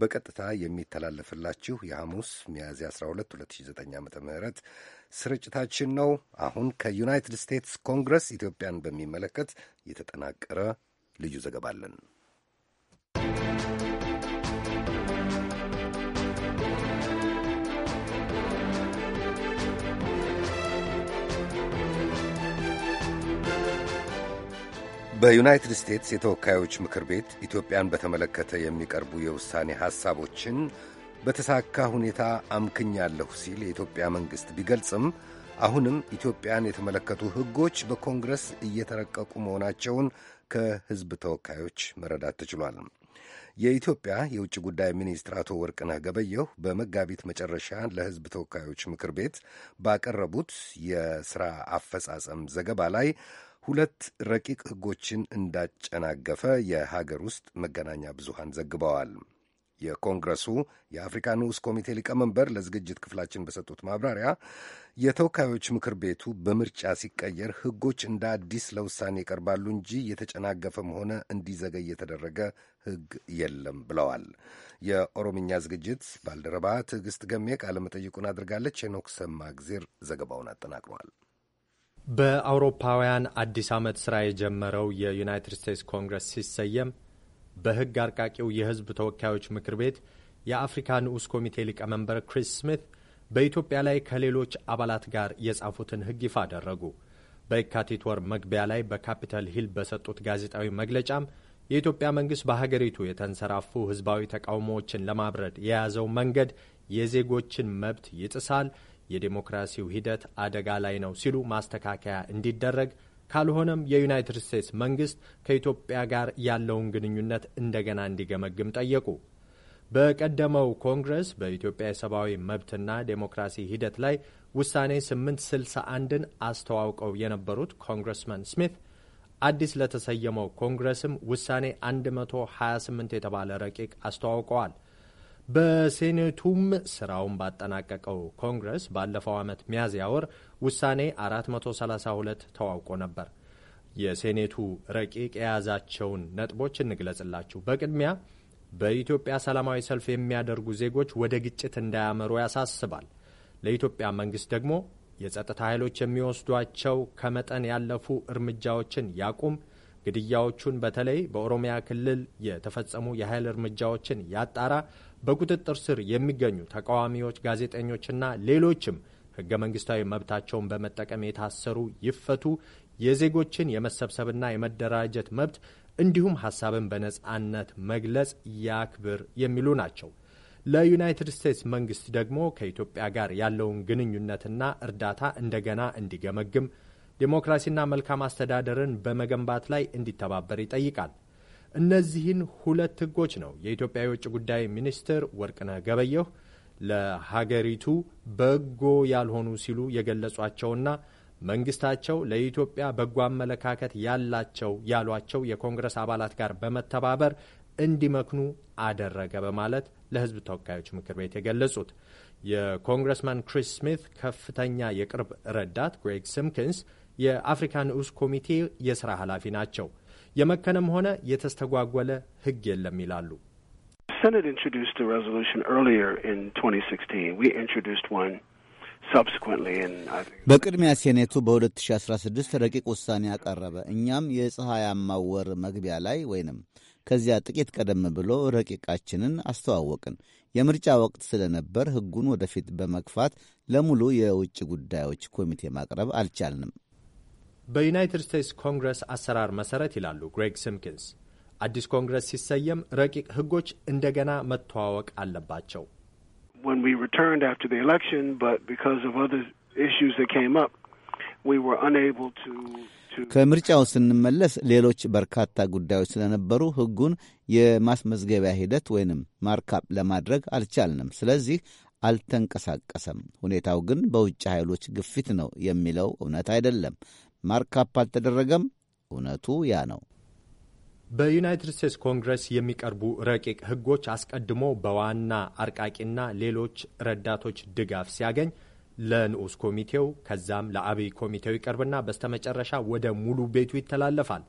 በቀጥታ የሚተላለፍላችሁ የሐሙስ ሚያዝያ 12 2009 ዓ ም ስርጭታችን ነው። አሁን ከዩናይትድ ስቴትስ ኮንግረስ ኢትዮጵያን በሚመለከት የተጠናቀረ ልዩ ዘገባ አለን። በዩናይትድ ስቴትስ የተወካዮች ምክር ቤት ኢትዮጵያን በተመለከተ የሚቀርቡ የውሳኔ ሐሳቦችን በተሳካ ሁኔታ አምክኛለሁ ሲል የኢትዮጵያ መንግሥት ቢገልጽም አሁንም ኢትዮጵያን የተመለከቱ ሕጎች በኮንግረስ እየተረቀቁ መሆናቸውን ከሕዝብ ተወካዮች መረዳት ተችሏል። የኢትዮጵያ የውጭ ጉዳይ ሚኒስትር አቶ ወርቅነህ ገበየሁ በመጋቢት መጨረሻ ለሕዝብ ተወካዮች ምክር ቤት ባቀረቡት የሥራ አፈጻጸም ዘገባ ላይ ሁለት ረቂቅ ሕጎችን እንዳጨናገፈ የሀገር ውስጥ መገናኛ ብዙሃን ዘግበዋል። የኮንግረሱ የአፍሪካ ንዑስ ኮሚቴ ሊቀመንበር ለዝግጅት ክፍላችን በሰጡት ማብራሪያ የተወካዮች ምክር ቤቱ በምርጫ ሲቀየር ሕጎች እንደ አዲስ ለውሳኔ ይቀርባሉ እንጂ የተጨናገፈም ሆነ እንዲዘገይ የተደረገ ሕግ የለም ብለዋል። የኦሮምኛ ዝግጅት ባልደረባ ትዕግስት ገሜ ቃለመጠይቁን አድርጋለች። ሄኖክ ሰማግዜር ዘገባውን አጠናቅሯል። በአውሮፓውያን አዲስ ዓመት ሥራ የጀመረው የዩናይትድ ስቴትስ ኮንግረስ ሲሰየም በሕግ አርቃቂው የሕዝብ ተወካዮች ምክር ቤት የአፍሪካ ንዑስ ኮሚቴ ሊቀመንበር ክሪስ ስሚት በኢትዮጵያ ላይ ከሌሎች አባላት ጋር የጻፉትን ሕግ ይፋ አደረጉ። በየካቲት ወር መግቢያ ላይ በካፒታል ሂል በሰጡት ጋዜጣዊ መግለጫም የኢትዮጵያ መንግሥት በሀገሪቱ የተንሰራፉ ሕዝባዊ ተቃውሞዎችን ለማብረድ የያዘው መንገድ የዜጎችን መብት ይጥሳል የዴሞክራሲው ሂደት አደጋ ላይ ነው ሲሉ ማስተካከያ እንዲደረግ ካልሆነም የዩናይትድ ስቴትስ መንግስት ከኢትዮጵያ ጋር ያለውን ግንኙነት እንደገና እንዲገመግም ጠየቁ። በቀደመው ኮንግረስ በኢትዮጵያ የሰብአዊ መብትና ዴሞክራሲ ሂደት ላይ ውሳኔ 861ን አስተዋውቀው የነበሩት ኮንግረስመን ስሚት አዲስ ለተሰየመው ኮንግረስም ውሳኔ 128 የተባለ ረቂቅ አስተዋውቀዋል። በሴኔቱም ስራውን ባጠናቀቀው ኮንግረስ ባለፈው ዓመት ሚያዝያ ወር ውሳኔ 432 ተዋውቆ ነበር። የሴኔቱ ረቂቅ የያዛቸውን ነጥቦች እንግለጽላችሁ። በቅድሚያ በኢትዮጵያ ሰላማዊ ሰልፍ የሚያደርጉ ዜጎች ወደ ግጭት እንዳያመሩ ያሳስባል። ለኢትዮጵያ መንግስት ደግሞ የጸጥታ ኃይሎች የሚወስዷቸው ከመጠን ያለፉ እርምጃዎችን ያቁም፣ ግድያዎቹን በተለይ በኦሮሚያ ክልል የተፈጸሙ የኃይል እርምጃዎችን ያጣራ፣ በቁጥጥር ስር የሚገኙ ተቃዋሚዎች፣ ጋዜጠኞችና ሌሎችም ህገ መንግስታዊ መብታቸውን በመጠቀም የታሰሩ ይፈቱ፣ የዜጎችን የመሰብሰብና የመደራጀት መብት እንዲሁም ሀሳብን በነጻነት መግለጽ ያክብር የሚሉ ናቸው። ለዩናይትድ ስቴትስ መንግስት ደግሞ ከኢትዮጵያ ጋር ያለውን ግንኙነትና እርዳታ እንደገና እንዲገመግም ዴሞክራሲና መልካም አስተዳደርን በመገንባት ላይ እንዲተባበር ይጠይቃል። እነዚህን ሁለት ህጎች ነው የኢትዮጵያ የውጭ ጉዳይ ሚኒስትር ወርቅነህ ገበየሁ ለሀገሪቱ በጎ ያልሆኑ ሲሉ የገለጿቸውና መንግስታቸው ለኢትዮጵያ በጎ አመለካከት ያላቸው ያሏቸው የኮንግረስ አባላት ጋር በመተባበር እንዲመክኑ አደረገ በማለት ለህዝብ ተወካዮች ምክር ቤት የገለጹት የኮንግረስማን ክሪስ ስሚት ከፍተኛ የቅርብ ረዳት ግሬግ ሲምኪንስ የአፍሪካ ንዑስ ኮሚቴ የሥራ ኃላፊ ናቸው። የመከነም ሆነ የተስተጓጎለ ህግ የለም ይላሉ። በቅድሚያ ሴኔቱ በ2016 ረቂቅ ውሳኔ ያቀረበ፣ እኛም የፀሐያማው ወር መግቢያ ላይ ወይንም ከዚያ ጥቂት ቀደም ብሎ ረቂቃችንን አስተዋወቅን። የምርጫ ወቅት ስለነበር ሕጉን ወደፊት በመግፋት ለሙሉ የውጭ ጉዳዮች ኮሚቴ ማቅረብ አልቻልንም። በዩናይትድ ስቴትስ ኮንግረስ አሰራር መሰረት ይላሉ ግሬግ ሲምኪንስ፣ አዲስ ኮንግረስ ሲሰየም ረቂቅ ህጎች እንደገና መተዋወቅ አለባቸው። ከምርጫው ስንመለስ ሌሎች በርካታ ጉዳዮች ስለነበሩ ህጉን የማስመዝገቢያ ሂደት ወይንም ማርካፕ ለማድረግ አልቻልንም። ስለዚህ አልተንቀሳቀሰም። ሁኔታው ግን በውጭ ኃይሎች ግፊት ነው የሚለው እውነት አይደለም። ማርካፕ አልተደረገም። እውነቱ ያ ነው። በዩናይትድ ስቴትስ ኮንግረስ የሚቀርቡ ረቂቅ ህጎች አስቀድሞ በዋና አርቃቂና ሌሎች ረዳቶች ድጋፍ ሲያገኝ ለንዑስ ኮሚቴው ከዛም ለአብይ ኮሚቴው ይቀርብና በስተመጨረሻ ወደ ሙሉ ቤቱ ይተላለፋል።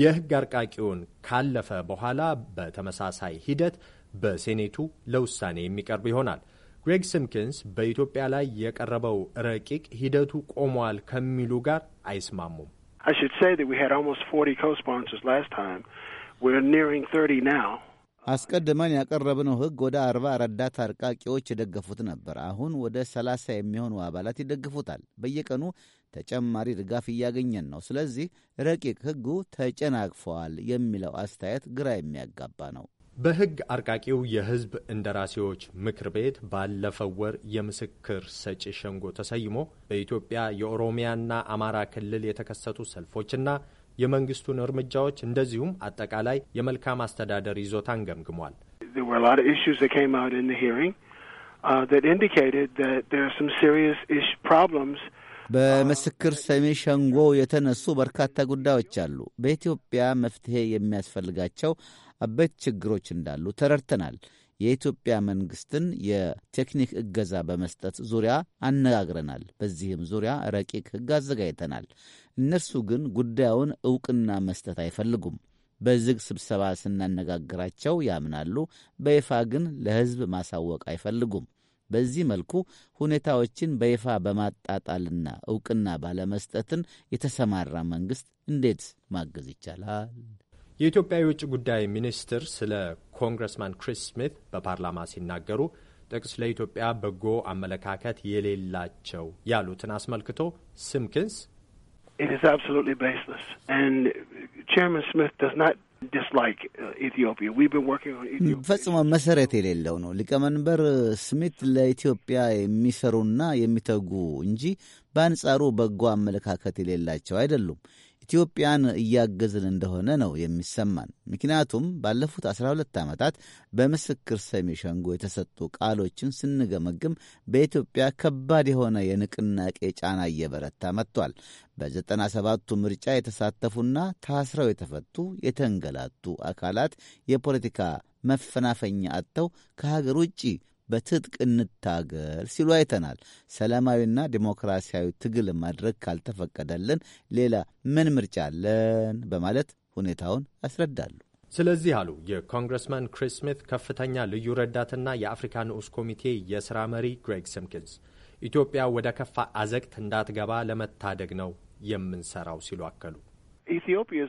የህግ አርቃቂውን ካለፈ በኋላ በተመሳሳይ ሂደት በሴኔቱ ለውሳኔ የሚቀርብ ይሆናል። ግሬግ ሲምኪንስ በኢትዮጵያ ላይ የቀረበው ረቂቅ ሂደቱ ቆሟል ከሚሉ ጋር አይስማሙም። አስቀድመን ያቀረብነው ሕግ ወደ አርባ ረዳት አርቃቂዎች የደገፉት ነበር። አሁን ወደ ሰላሳ የሚሆኑ አባላት ይደግፉታል። በየቀኑ ተጨማሪ ድጋፍ እያገኘን ነው። ስለዚህ ረቂቅ ሕጉ ተጨናቅፈዋል የሚለው አስተያየት ግራ የሚያጋባ ነው። በሕግ አርቃቂው የሕዝብ እንደራሴዎች ምክር ቤት ባለፈው ወር የምስክር ሰጪ ሸንጎ ተሰይሞ በኢትዮጵያ የኦሮሚያና አማራ ክልል የተከሰቱ ሰልፎችና የመንግስቱን እርምጃዎች እንደዚሁም አጠቃላይ የመልካም አስተዳደር ይዞታን ገምግሟል። uh, በምስክር ሰሚ ሸንጎ የተነሱ በርካታ ጉዳዮች አሉ። በኢትዮጵያ መፍትሄ የሚያስፈልጋቸው አበይት ችግሮች እንዳሉ ተረድተናል። የኢትዮጵያ መንግስትን የቴክኒክ እገዛ በመስጠት ዙሪያ አነጋግረናል። በዚህም ዙሪያ ረቂቅ ሕግ አዘጋጅተናል። እነርሱ ግን ጉዳዩን እውቅና መስጠት አይፈልጉም። በዝግ ስብሰባ ስናነጋግራቸው ያምናሉ፣ በይፋ ግን ለሕዝብ ማሳወቅ አይፈልጉም። በዚህ መልኩ ሁኔታዎችን በይፋ በማጣጣልና እውቅና ባለመስጠትን የተሰማራ መንግሥት እንዴት ማገዝ ይቻላል? የኢትዮጵያ የውጭ ጉዳይ ሚኒስትር ስለ ኮንግረስማን ክሪስ ስሚት በፓርላማ ሲናገሩ ጥቅስ ለኢትዮጵያ በጎ አመለካከት የሌላቸው ያሉትን አስመልክቶ ስምክንስ uh, ፈጽሞ መሰረት የሌለው ነው። ሊቀመንበር ስሚት ለኢትዮጵያ የሚሰሩና የሚተጉ እንጂ በአንጻሩ በጎ አመለካከት የሌላቸው አይደሉም። ኢትዮጵያን እያገዝን እንደሆነ ነው የሚሰማን። ምክንያቱም ባለፉት 12 ዓመታት በምስክር ሰሚ ሸንጎ የተሰጡ ቃሎችን ስንገመግም በኢትዮጵያ ከባድ የሆነ የንቅናቄ ጫና እየበረታ መጥቷል በዘጠና ሰባቱ ምርጫ የተሳተፉና ታስረው የተፈቱ የተንገላቱ አካላት የፖለቲካ መፈናፈኛ አጥተው ከሀገር ውጭ በትጥቅ እንታገል ሲሉ አይተናል። ሰላማዊና ዲሞክራሲያዊ ትግል ማድረግ ካልተፈቀደልን ሌላ ምን ምርጫ አለን? በማለት ሁኔታውን ያስረዳሉ። ስለዚህ አሉ የኮንግረስማን ክሪስ ስሚት ከፍተኛ ልዩ ረዳትና የአፍሪካ ንዑስ ኮሚቴ የሥራ መሪ ግሬግ ሲምኪንስ ኢትዮጵያ ወደ ከፋ አዘቅት እንዳትገባ ለመታደግ ነው የምንሰራው ሲሉ አከሉ። ኢትዮጵያ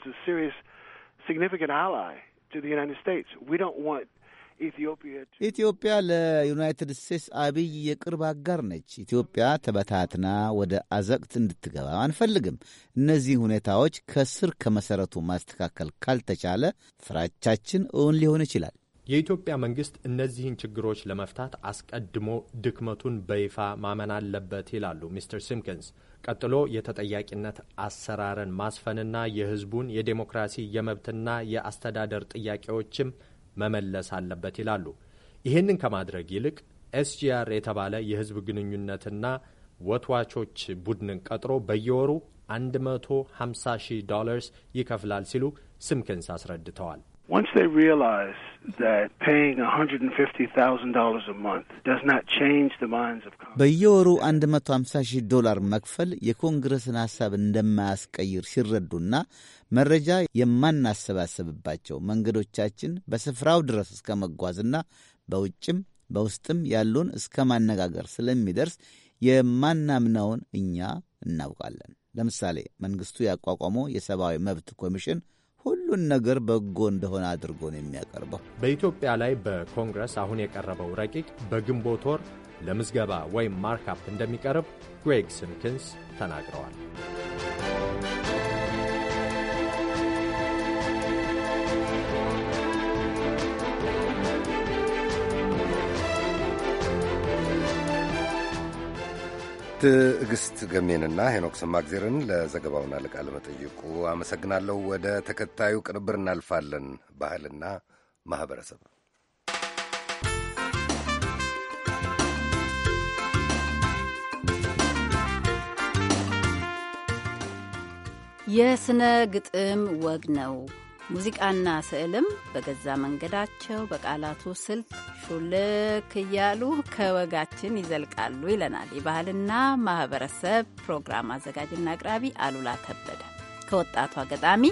ኢትዮጵያ ለዩናይትድ ስቴትስ አብይ የቅርብ አጋር ነች። ኢትዮጵያ ተበታትና ወደ አዘቅት እንድትገባ አንፈልግም። እነዚህ ሁኔታዎች ከስር ከመሰረቱ ማስተካከል ካልተቻለ ፍራቻችን እውን ሊሆን ይችላል። የኢትዮጵያ መንግስት እነዚህን ችግሮች ለመፍታት አስቀድሞ ድክመቱን በይፋ ማመን አለበት ይላሉ ሚስተር ሲምኪንስ። ቀጥሎ የተጠያቂነት አሰራርን ማስፈንና የህዝቡን የዴሞክራሲ የመብትና የአስተዳደር ጥያቄዎችም መመለስ አለበት ይላሉ። ይህንን ከማድረግ ይልቅ ኤስጂአር የተባለ የህዝብ ግንኙነትና ወትዋቾች ቡድንን ቀጥሮ በየወሩ 150 ሺህ ዶላርስ ይከፍላል ሲሉ ስምክንስ አስረድተዋል። Once they realize that paying $150,000 a month does not change the minds of Congress. በየወሩ 150,000 ዶላር መክፈል የኮንግረስን ሐሳብ እንደማያስቀይር ሲረዱና መረጃ የማናሰባሰብባቸው መንገዶቻችን በስፍራው ድረስ እስከ መጓዝና በውጭም በውስጥም ያሉን እስከ ማነጋገር ስለሚደርስ የማናምነውን እኛ እናውቃለን። ለምሳሌ መንግስቱ ያቋቋመው የሰብአዊ መብት ኮሚሽን ሁሉን ነገር በጎ እንደሆነ አድርጎ ነው የሚያቀርበው። በኢትዮጵያ ላይ በኮንግረስ አሁን የቀረበው ረቂቅ በግንቦት ወር ለምዝገባ ወይም ማርካፕ እንደሚቀርብ ግሬግ ስንክንስ ተናግረዋል። ትዕግስት ገሜንና ሄኖክ ሰማግዜርን ለዘገባውና ለቃለ መጠይቁ አመሰግናለሁ። ወደ ተከታዩ ቅንብር እናልፋለን። ባህልና ማህበረሰብ የስነ ግጥም ወግ ነው። ሙዚቃና ስዕልም በገዛ መንገዳቸው በቃላቱ ስልት አበራችሁ ልክ እያሉ ከወጋችን ይዘልቃሉ ይለናል የባህልና ማህበረሰብ ፕሮግራም አዘጋጅና አቅራቢ አሉላ ከበደ ከወጣቷ ገጣሚ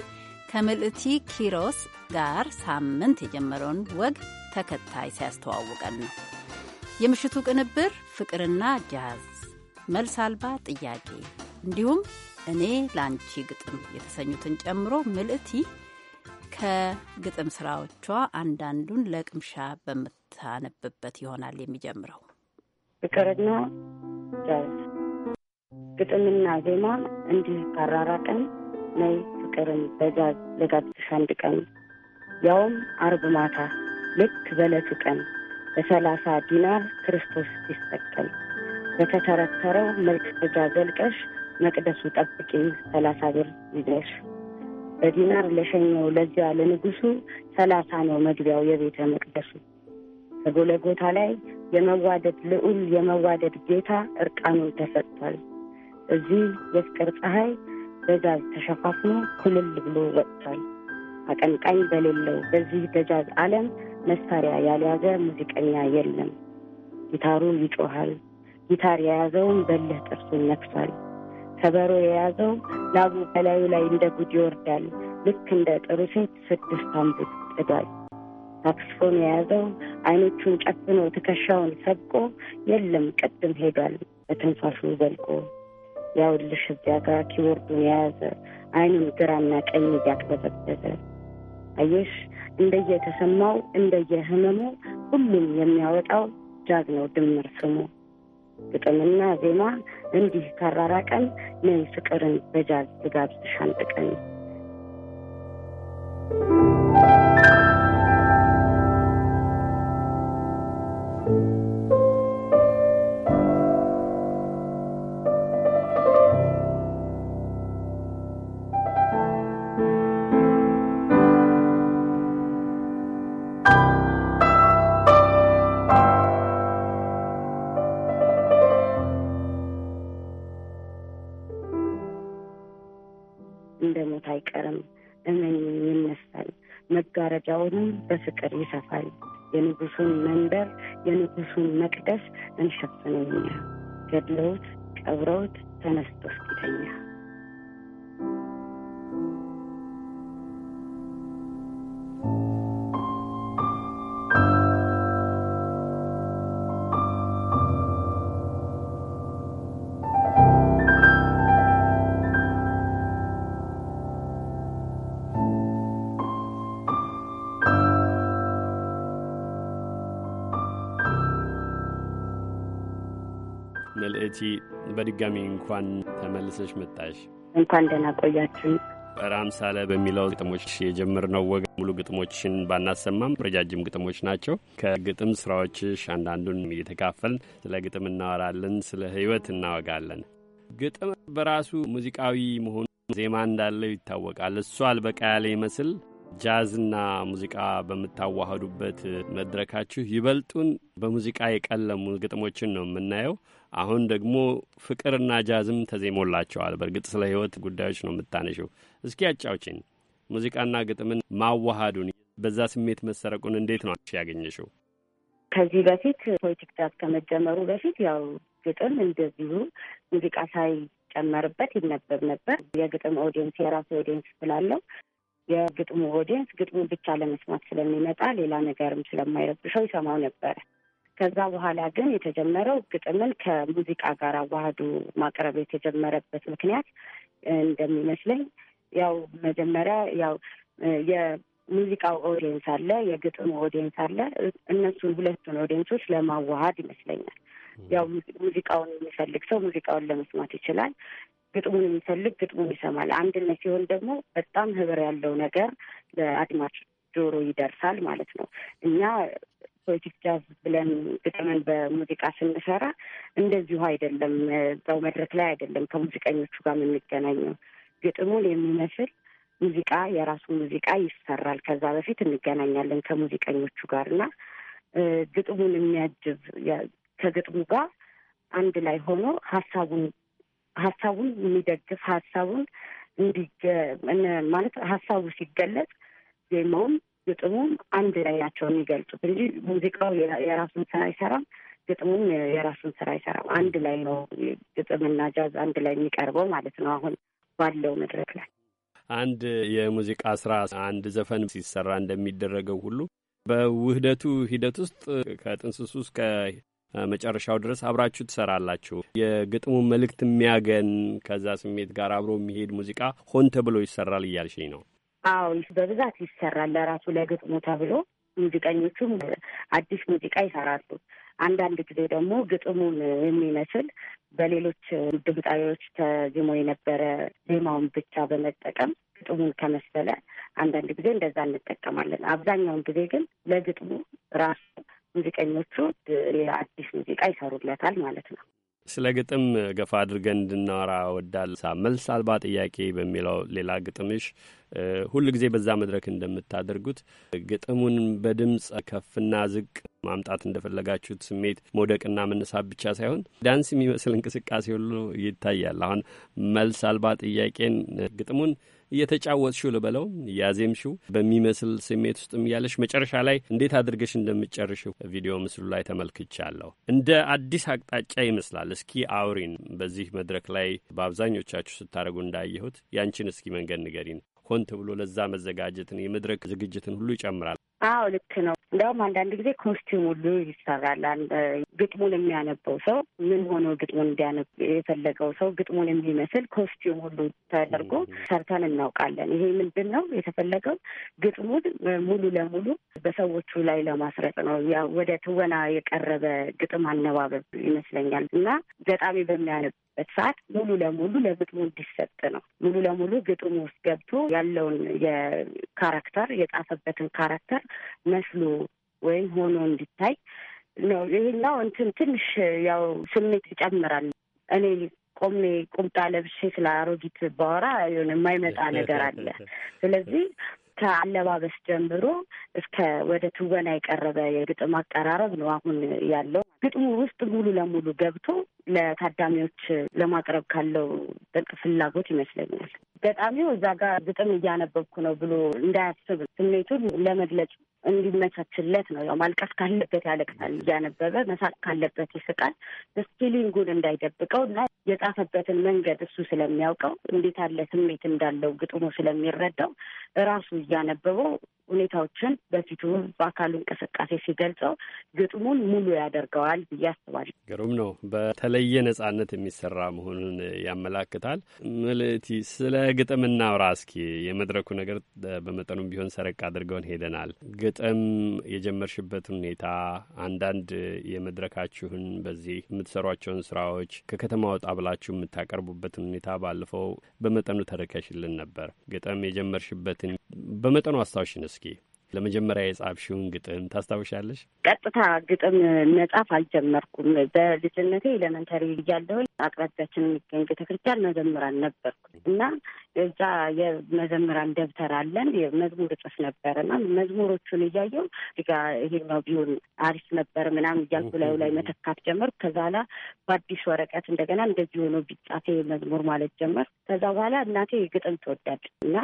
ከምልእቲ ኪሮስ ጋር ሳምንት የጀመረውን ወግ ተከታይ ሲያስተዋውቀን ነው። የምሽቱ ቅንብር ፍቅርና ጃዝ፣ መልስ አልባ ጥያቄ እንዲሁም እኔ ለአንቺ ግጥም የተሰኙትን ጨምሮ ምልእቲ ከግጥም ስራዎቿ አንዳንዱን ለቅምሻ በምት የምታነብበት ይሆናል የሚጀምረው። ፍቅርና ጃዝ ግጥምና ዜማ እንዲህ ካራራቀን ነይ ፍቅርን በጃዝ ልጋብዝሽ አንድ ቀን ያውም አርብ ማታ ልክ በለቱ ቀን በሰላሳ ዲናር ክርስቶስ ሲሰቀል በተተረተረው መልክ መልቀጃ ዘልቀሽ መቅደሱ ጠብቂኝ ሰላሳ ብር ይዘሽ በዲናር ለሸኘው ለዚያ ለንጉሱ ሰላሳ ነው መግቢያው የቤተ መቅደሱ በጎለጎታ ላይ የመዋደድ ልዑል የመዋደድ ጌታ እርቃኑን ተሰጥቷል። እዚህ የፍቅር ፀሐይ በጃዝ ተሸፋፍኖ ኩልል ብሎ ወጥቷል። አቀንቃኝ በሌለው በዚህ በጃዝ ዓለም መሳሪያ ያልያዘ ሙዚቀኛ የለም። ጊታሩ ይጮሃል። ጊታር የያዘውን በልህ ጥርሱን ነክሷል። ከበሮ የያዘው ላቡ በላዩ ላይ እንደ ጉድ ይወርዳል። ልክ እንደ ጥሩ ሴት ስድስት አንቡት ጥዷል። ታክሲፎን የያዘው አይኖቹን ጨፍኖ ትከሻውን ሰብቆ የለም ቅድም ሄዷል በትንፋሹ ዘልቆ ያውልሽ እዚያ ጋር ኪቦርዱን የያዘ አይኑን ግራና ቀኝ እያቅበዘበዘ አየሽ እንደየተሰማው እንደየህመሙ ሁሉም የሚያወጣው ጃግ ነው ድምር ስሙ ግጥምና ዜማ እንዲህ ካራራቀን ነይ ፍቅርን በጃዝ ዝጋብዝሽ Thank you. በፍቅር ይሰፋል። የንጉሱን መንበር የንጉሱን መቅደስ እንሸፍንኛ ገድለውት ቀብረውት ተነስቶ እስኪተኛ በድጋሚ እንኳን ተመልሰሽ መጣሽ። እንኳን ደህና ቆያችሁ። ሳለ በሚለው ግጥሞች የጀመርነው ወግ ሙሉ ግጥሞችን ባናሰማም ረጃጅም ግጥሞች ናቸው። ከግጥም ስራዎችሽ አንዳንዱን እየተካፈልን ስለ ግጥም እናወራለን፣ ስለ ህይወት እናወጋለን። ግጥም በራሱ ሙዚቃዊ መሆኑ ዜማ እንዳለው ይታወቃል። እሱ አልበቃ ያለ ይመስል ጃዝና ሙዚቃ በምታዋህዱበት መድረካችሁ ይበልጡን በሙዚቃ የቀለሙ ግጥሞችን ነው የምናየው። አሁን ደግሞ ፍቅርና ጃዝም ተዜሞላቸዋል። በእርግጥ ስለ ህይወት ጉዳዮች ነው የምታነሽው። እስኪ አጫውችን ሙዚቃና ግጥምን ማዋሃዱን በዛ ስሜት መሰረቁን እንዴት ነው ያገኘሽው? ከዚህ በፊት ፖለቲክ ጃዝ ከመጀመሩ በፊት ያው ግጥም እንደዚሁ ሙዚቃ ሳይጨመርበት ይነበብ ነበር። የግጥም ኦዲየንስ የራሱ ኦዲየንስ ስላለው የግጥሙ ኦዲየንስ ግጥሙ ብቻ ለመስማት ስለሚመጣ ሌላ ነገርም ስለማይረብሸው ይሰማው ነበረ። ከዛ በኋላ ግን የተጀመረው ግጥምን ከሙዚቃ ጋር አዋህዶ ማቅረብ የተጀመረበት ምክንያት እንደሚመስለኝ ያው መጀመሪያ ያው የሙዚቃው ኦዲየንስ አለ፣ የግጥሙ ኦዲየንስ አለ። እነሱን ሁለቱን ኦዲየንሶች ለማዋሃድ ይመስለኛል። ያው ሙዚቃውን የሚፈልግ ሰው ሙዚቃውን ለመስማት ይችላል። ግጥሙን የሚፈልግ ግጥሙን ይሰማል። አንድነት ሲሆን ደግሞ በጣም ህብር ያለው ነገር ለአድማጭ ጆሮ ይደርሳል ማለት ነው። እኛ ፖለቲክ ጃዝ ብለን ግጥምን በሙዚቃ ስንሰራ እንደዚሁ አይደለም። እዛው መድረክ ላይ አይደለም ከሙዚቀኞቹ ጋር የምንገናኘው። ግጥሙን የሚመስል ሙዚቃ የራሱ ሙዚቃ ይሰራል። ከዛ በፊት እንገናኛለን ከሙዚቀኞቹ ጋር እና ግጥሙን የሚያጅብ ከግጥሙ ጋር አንድ ላይ ሆኖ ሀሳቡን ሀሳቡን የሚደግፍ ሀሳቡን እንዲ ማለት ሀሳቡ ሲገለጽ ዜማውም ግጥሙም አንድ ላይ ናቸው የሚገልጹት እንጂ ሙዚቃው የራሱን ስራ አይሰራም፣ ግጥሙም የራሱን ስራ አይሰራም። አንድ ላይ ነው ግጥምና ጃዝ አንድ ላይ የሚቀርበው ማለት ነው አሁን ባለው መድረክ ላይ አንድ የሙዚቃ ስራ አንድ ዘፈን ሲሰራ እንደሚደረገው ሁሉ በውህደቱ ሂደት ውስጥ ከጥንስሱ እስከ መጨረሻው ድረስ አብራችሁ ትሰራላችሁ። የግጥሙ መልእክት የሚያገን ከዛ ስሜት ጋር አብሮ የሚሄድ ሙዚቃ ሆን ተብሎ ይሰራል እያልሽኝ ነው። አሁን በብዛት ይሰራል ለራሱ ለግጥሙ ተብሎ ሙዚቀኞቹም አዲስ ሙዚቃ ይሰራሉ። አንዳንድ ጊዜ ደግሞ ግጥሙን የሚመስል በሌሎች ድምፃዊዎች ተዝሞ የነበረ ዜማውን ብቻ በመጠቀም ግጥሙን ከመሰለ አንዳንድ ጊዜ እንደዛ እንጠቀማለን። አብዛኛውን ጊዜ ግን ለግጥሙ ራሱ ሙዚቀኞቹ አዲስ ሙዚቃ ይሰሩለታል ማለት ነው። ስለ ግጥም ገፋ አድርገን እንድናወራ ወዳል መልስ አልባ ጥያቄ በሚለው ሌላ ግጥምሽ ሁል ጊዜ በዛ መድረክ እንደምታደርጉት ግጥሙን በድምፅ ከፍና ዝቅ ማምጣት እንደፈለጋችሁት ስሜት መውደቅና መነሳት ብቻ ሳይሆን ዳንስ የሚመስል እንቅስቃሴ ሁሉ ይታያል። አሁን መልስ አልባ ጥያቄን ግጥሙን እየተጫወትሽው ልበለው እያዜምሽው በሚመስል ስሜት ውስጥም እያለሽ መጨረሻ ላይ እንዴት አድርገሽ እንደምጨርሽው ቪዲዮ ምስሉ ላይ ተመልክቻለሁ። እንደ አዲስ አቅጣጫ ይመስላል። እስኪ አውሪን። በዚህ መድረክ ላይ በአብዛኞቻችሁ ስታደርጉ እንዳየሁት ያንቺን እስኪ መንገድ ንገሪን። ሆን ተብሎ ለዛ መዘጋጀትን የመድረክ ዝግጅትን ሁሉ ይጨምራል። አዎ ልክ ነው። እንዲያውም አንዳንድ ጊዜ ኮስቲም ሁሉ ይሰራል። ግጥሙን የሚያነበው ሰው ምን ሆኖ ግጥሙን እንዲያነብ የፈለገው ሰው ግጥሙን የሚመስል ኮስቲም ሁሉ ተደርጎ ሰርተን እናውቃለን። ይሄ ምንድን ነው የተፈለገው? ግጥሙን ሙሉ ለሙሉ በሰዎቹ ላይ ለማስረጥ ነው። ወደ ትወና የቀረበ ግጥም አነባበብ ይመስለኛል እና ገጣሚ በሚያነብ በሚሆንበት ሰዓት ሙሉ ለሙሉ ለግጥሙ እንዲሰጥ ነው። ሙሉ ለሙሉ ግጥሙ ውስጥ ገብቶ ያለውን የካራክተር የጻፈበትን ካራክተር መስሎ ወይም ሆኖ እንዲታይ ነው። ይህኛው እንትን ትንሽ ያው ስሜት ይጨምራል። እኔ ቆሜ ቁምጣ ለብሼ ስለ አሮጊት ባወራ የማይመጣ ነገር አለ። ስለዚህ ከአለባበስ ጀምሮ እስከ ወደ ትወና የቀረበ የግጥም አቀራረብ ነው አሁን ያለው። ግጥሙ ውስጥ ሙሉ ለሙሉ ገብቶ ለታዳሚዎች ለማቅረብ ካለው ጥልቅ ፍላጎት ይመስለኛል ገጣሚው እዛ ጋር ግጥም እያነበብኩ ነው ብሎ እንዳያስብ ስሜቱን ለመግለጽ እንዲመቻችለት ነው። ያው ማልቀስ ካለበት ያለቅሳል እያነበበ፣ መሳቅ ካለበት ይስቃል። ስኪሊንጉን እንዳይደብቀው እና የጻፈበትን መንገድ እሱ ስለሚያውቀው እንዴት ያለ ስሜት እንዳለው ግጥሞ ስለሚረዳው እራሱ እያነበበው ሁኔታዎችን በፊቱ በአካሉ እንቅስቃሴ ሲገልጸው ግጥሙን ሙሉ ያደርገዋል ብዬ አስባለሁ። ግሩም ነው። በተለየ ነጻነት የሚሰራ መሆኑን ያመላክታል። ምልእቲ ስለ ግጥም እናውራ እስኪ። የመድረኩ ነገር በመጠኑም ቢሆን ሰረቅ አድርገውን ሄደናል። ግጥም የጀመርሽበት ሁኔታ፣ አንዳንድ የመድረካችሁን በዚህ የምትሰሯቸውን ስራዎች ከከተማ ወጣ ብላችሁ የምታቀርቡበትን ሁኔታ ባለፈው በመጠኑ ተረካሽልን ነበር። ግጥም የጀመርሽበትን በመጠኑ ነ risky. ለመጀመሪያ የጻፍሽውን ግጥም ታስታውሻለሽ? ቀጥታ ግጥም መጻፍ አልጀመርኩም። በልጅነቴ ኤሌመንተሪ እያለሁኝ አቅራቢያችን የሚገኝ ቤተክርስቲያን መዘምራን ነበርኩ እና እዛ የመዘምራን ደብተር አለን። የመዝሙር እጽፍ ነበር እና መዝሙሮቹን እያየው እዚጋ ይሄኛው ቢሆን አሪፍ ነበር ምናምን እያልኩ ላዩ ላይ መተካት ጀመርኩ። ከዛ ላ በአዲስ ወረቀት እንደገና እንደዚህ ሆኖ ቢጻፌ መዝሙር ማለት ጀመርኩ። ከዛ በኋላ እናቴ ግጥም ትወዳለች እና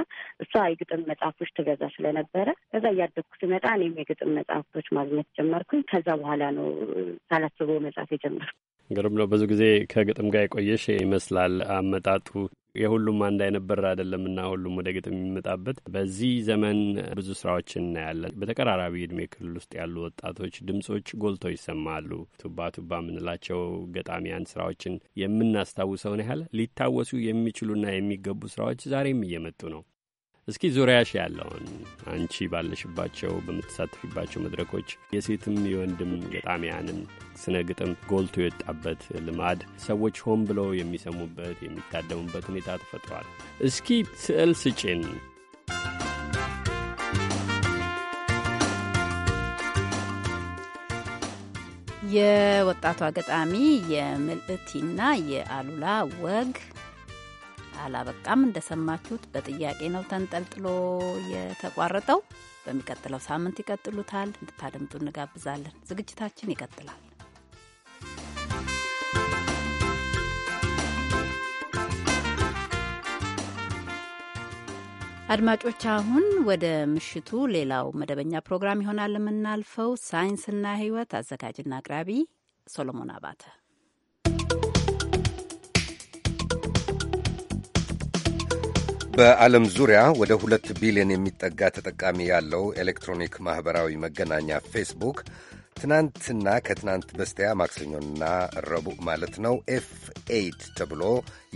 እሷ የግጥም መጽሐፎች ትገዛ ስለነበረ ከዛ እያደግኩ ስመጣ እኔም የግጥም መጽሐፍቶች ማግኘት ጀመርኩኝ። ከዛ በኋላ ነው ሳላስበው መጽሐፍ የጀመርኩ። ግሩም ነው። ብዙ ጊዜ ከግጥም ጋር የቆየሽ ይመስላል አመጣጡ የሁሉም አንድ አይነበር አይደለም እና ሁሉም ወደ ግጥም የሚመጣበት በዚህ ዘመን ብዙ ስራዎች እናያለን። በተቀራራቢ እድሜ ክልል ውስጥ ያሉ ወጣቶች ድምጾች ጎልተው ይሰማሉ። ቱባ ቱባ የምንላቸው ገጣሚያን ስራዎችን የምናስታውሰውን ያህል ሊታወሱ የሚችሉና የሚገቡ ስራዎች ዛሬም እየመጡ ነው። እስኪ ዙሪያሽ ያለውን አንቺ ባለሽባቸው በምትሳተፊባቸው መድረኮች የሴትም የወንድም ገጣሚያንን ስነ ግጥም ጎልቶ የወጣበት ልማድ ሰዎች ሆን ብለው የሚሰሙበት የሚታደሙበት ሁኔታ ተፈጥሯል። እስኪ ስዕል ስጪን። የወጣቷ ገጣሚ የምልእቲና የአሉላ ወግ አላበቃም። እንደሰማችሁት በጥያቄ ነው ተንጠልጥሎ የተቋረጠው። በሚቀጥለው ሳምንት ይቀጥሉታል። እንድታደምጡ እንጋብዛለን። ዝግጅታችን ይቀጥላል። አድማጮች አሁን ወደ ምሽቱ ሌላው መደበኛ ፕሮግራም ይሆናል የምናልፈው። ሳይንስና ሕይወት አዘጋጅና አቅራቢ ሶሎሞን አባተ በዓለም ዙሪያ ወደ ሁለት ቢሊዮን የሚጠጋ ተጠቃሚ ያለው ኤሌክትሮኒክ ማኅበራዊ መገናኛ ፌስቡክ ትናንትና ከትናንት በስቲያ ማክሰኞና ረቡዕ ማለት ነው ኤፍ ኤይት ተብሎ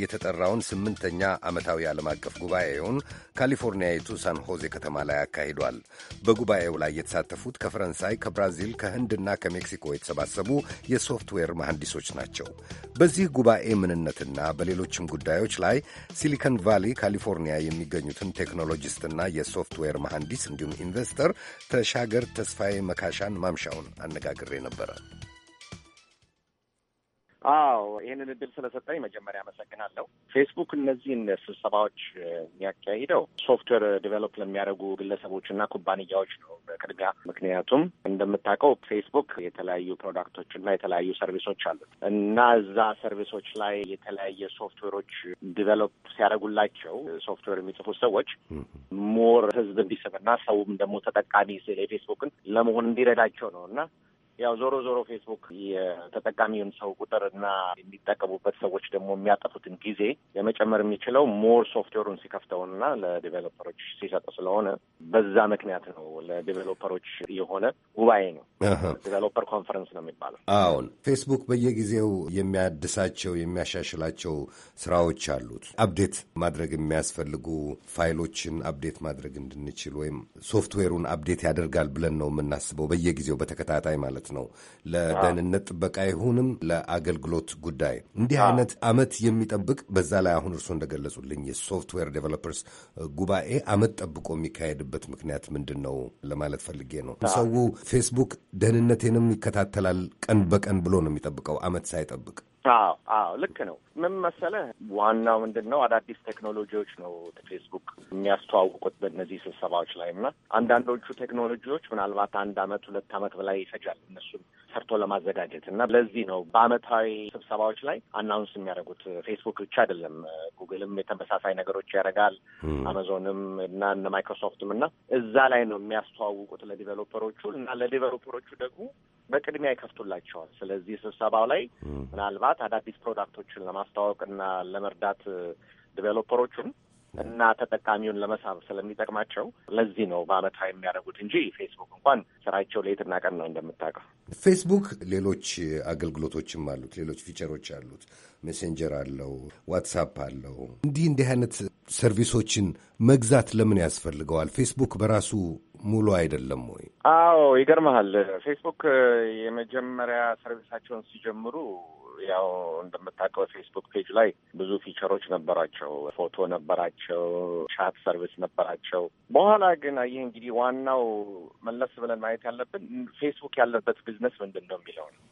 የተጠራውን ስምንተኛ ዓመታዊ ዓለም አቀፍ ጉባኤውን ካሊፎርኒያዊቱ ሳን ሆዜ ከተማ ላይ አካሂዷል። በጉባኤው ላይ የተሳተፉት ከፈረንሳይ፣ ከብራዚል፣ ከህንድና ከሜክሲኮ የተሰባሰቡ የሶፍትዌር መሐንዲሶች ናቸው። በዚህ ጉባኤ ምንነትና በሌሎችም ጉዳዮች ላይ ሲሊከን ቫሊ ካሊፎርኒያ የሚገኙትን ቴክኖሎጂስትና የሶፍትዌር መሐንዲስ እንዲሁም ኢንቨስተር ተሻገር ተስፋዬ መካሻን ማምሻውን አነጋግሬ ነበረ። አዎ ይህንን እድል ስለሰጠኝ መጀመሪያ አመሰግናለሁ። ፌስቡክ እነዚህን ስብሰባዎች የሚያካሂደው ሶፍትዌር ዲቨሎፕ ለሚያደርጉ ግለሰቦችና ኩባንያዎች ነው በቅድሚያ። ምክንያቱም እንደምታውቀው ፌስቡክ የተለያዩ ፕሮዳክቶች እና የተለያዩ ሰርቪሶች አሉት እና እዛ ሰርቪሶች ላይ የተለያየ ሶፍትዌሮች ዲቨሎፕ ሲያደርጉላቸው ሶፍትዌር የሚጽፉት ሰዎች ሞር ህዝብ እንዲስብ እና ሰውም ደግሞ ተጠቃሚ የፌስቡክን ለመሆን እንዲረዳቸው ነው እና ያው ዞሮ ዞሮ ፌስቡክ የተጠቃሚውን ሰው ቁጥር እና የሚጠቀሙበት ሰዎች ደግሞ የሚያጠፉትን ጊዜ ለመጨመር የሚችለው ሞር ሶፍትዌሩን ሲከፍተውና ለዲቨሎፐሮች ሲሰጠው ስለሆነ በዛ ምክንያት ነው። ለዲቨሎፐሮች የሆነ ጉባኤ ነው፣ ዲቨሎፐር ኮንፈረንስ ነው የሚባለው። አሁን ፌስቡክ በየጊዜው የሚያድሳቸው የሚያሻሽላቸው ስራዎች አሉት። አፕዴት ማድረግ የሚያስፈልጉ ፋይሎችን አፕዴት ማድረግ እንድንችል ወይም ሶፍትዌሩን አፕዴት ያደርጋል ብለን ነው የምናስበው በየጊዜው በተከታታይ ማለት ማለት ነው። ለደህንነት ጥበቃ ይሁንም ለአገልግሎት ጉዳይ እንዲህ አይነት አመት የሚጠብቅ በዛ ላይ አሁን እርስዎ እንደገለጹልኝ የሶፍትዌር ዴቨሎፐርስ ጉባኤ አመት ጠብቆ የሚካሄድበት ምክንያት ምንድን ነው ለማለት ፈልጌ ነው። ሰው ፌስቡክ ደህንነቴንም ይከታተላል ቀን በቀን ብሎ ነው የሚጠብቀው አመት ሳይጠብቅ አዎ አዎ ልክ ነው። ምን መሰለህ ዋናው ምንድን ነው አዳዲስ ቴክኖሎጂዎች ነው ፌስቡክ የሚያስተዋውቁት በእነዚህ ስብሰባዎች ላይ እና አንዳንዶቹ ቴክኖሎጂዎች ምናልባት አንድ አመት ሁለት አመት በላይ ይፈጃል እነሱን ሰርቶ ለማዘጋጀት እና ለዚህ ነው በአመታዊ ስብሰባዎች ላይ አናውንስ የሚያደርጉት። ፌስቡክ ብቻ አይደለም፣ ጉግልም የተመሳሳይ ነገሮች ያደርጋል፣ አማዞንም hmm. እና እነ ማይክሮሶፍትም እና እዛ ላይ ነው የሚያስተዋውቁት ለዲቨሎፐሮቹ እና ለዲቨሎፐሮቹ ደግሞ በቅድሚያ ይከፍቱላቸዋል። ስለዚህ ስብሰባው ላይ hmm. ምናልባት አዳዲስ ፕሮዳክቶችን ለማስተዋወቅ እና ለመርዳት ዲቨሎፐሮቹን እና ተጠቃሚውን ለመሳብ ስለሚጠቅማቸው ለዚህ ነው በአመታ የሚያደርጉት እንጂ ፌስቡክ እንኳን ስራቸው ሌትና ቀን ነው እንደምታውቀው። ፌስቡክ ሌሎች አገልግሎቶችም አሉት፣ ሌሎች ፊቸሮች አሉት። ሜሴንጀር አለው፣ ዋትሳፕ አለው። እንዲህ እንዲህ አይነት ሰርቪሶችን መግዛት ለምን ያስፈልገዋል? ፌስቡክ በራሱ ሙሉ አይደለም ወይ? አዎ፣ ይገርመሃል። ፌስቡክ የመጀመሪያ ሰርቪሳቸውን ሲጀምሩ ያው እንደምታውቀው ፌስቡክ ፔጅ ላይ ብዙ ፊቸሮች ነበራቸው። ፎቶ ነበራቸው፣ ቻት ሰርቪስ ነበራቸው። በኋላ ግን ይህ እንግዲህ ዋናው መለስ ብለን ማየት ያለብን ፌስቡክ ያለበት ቢዝነስ ምንድን ነው የሚለው ነው።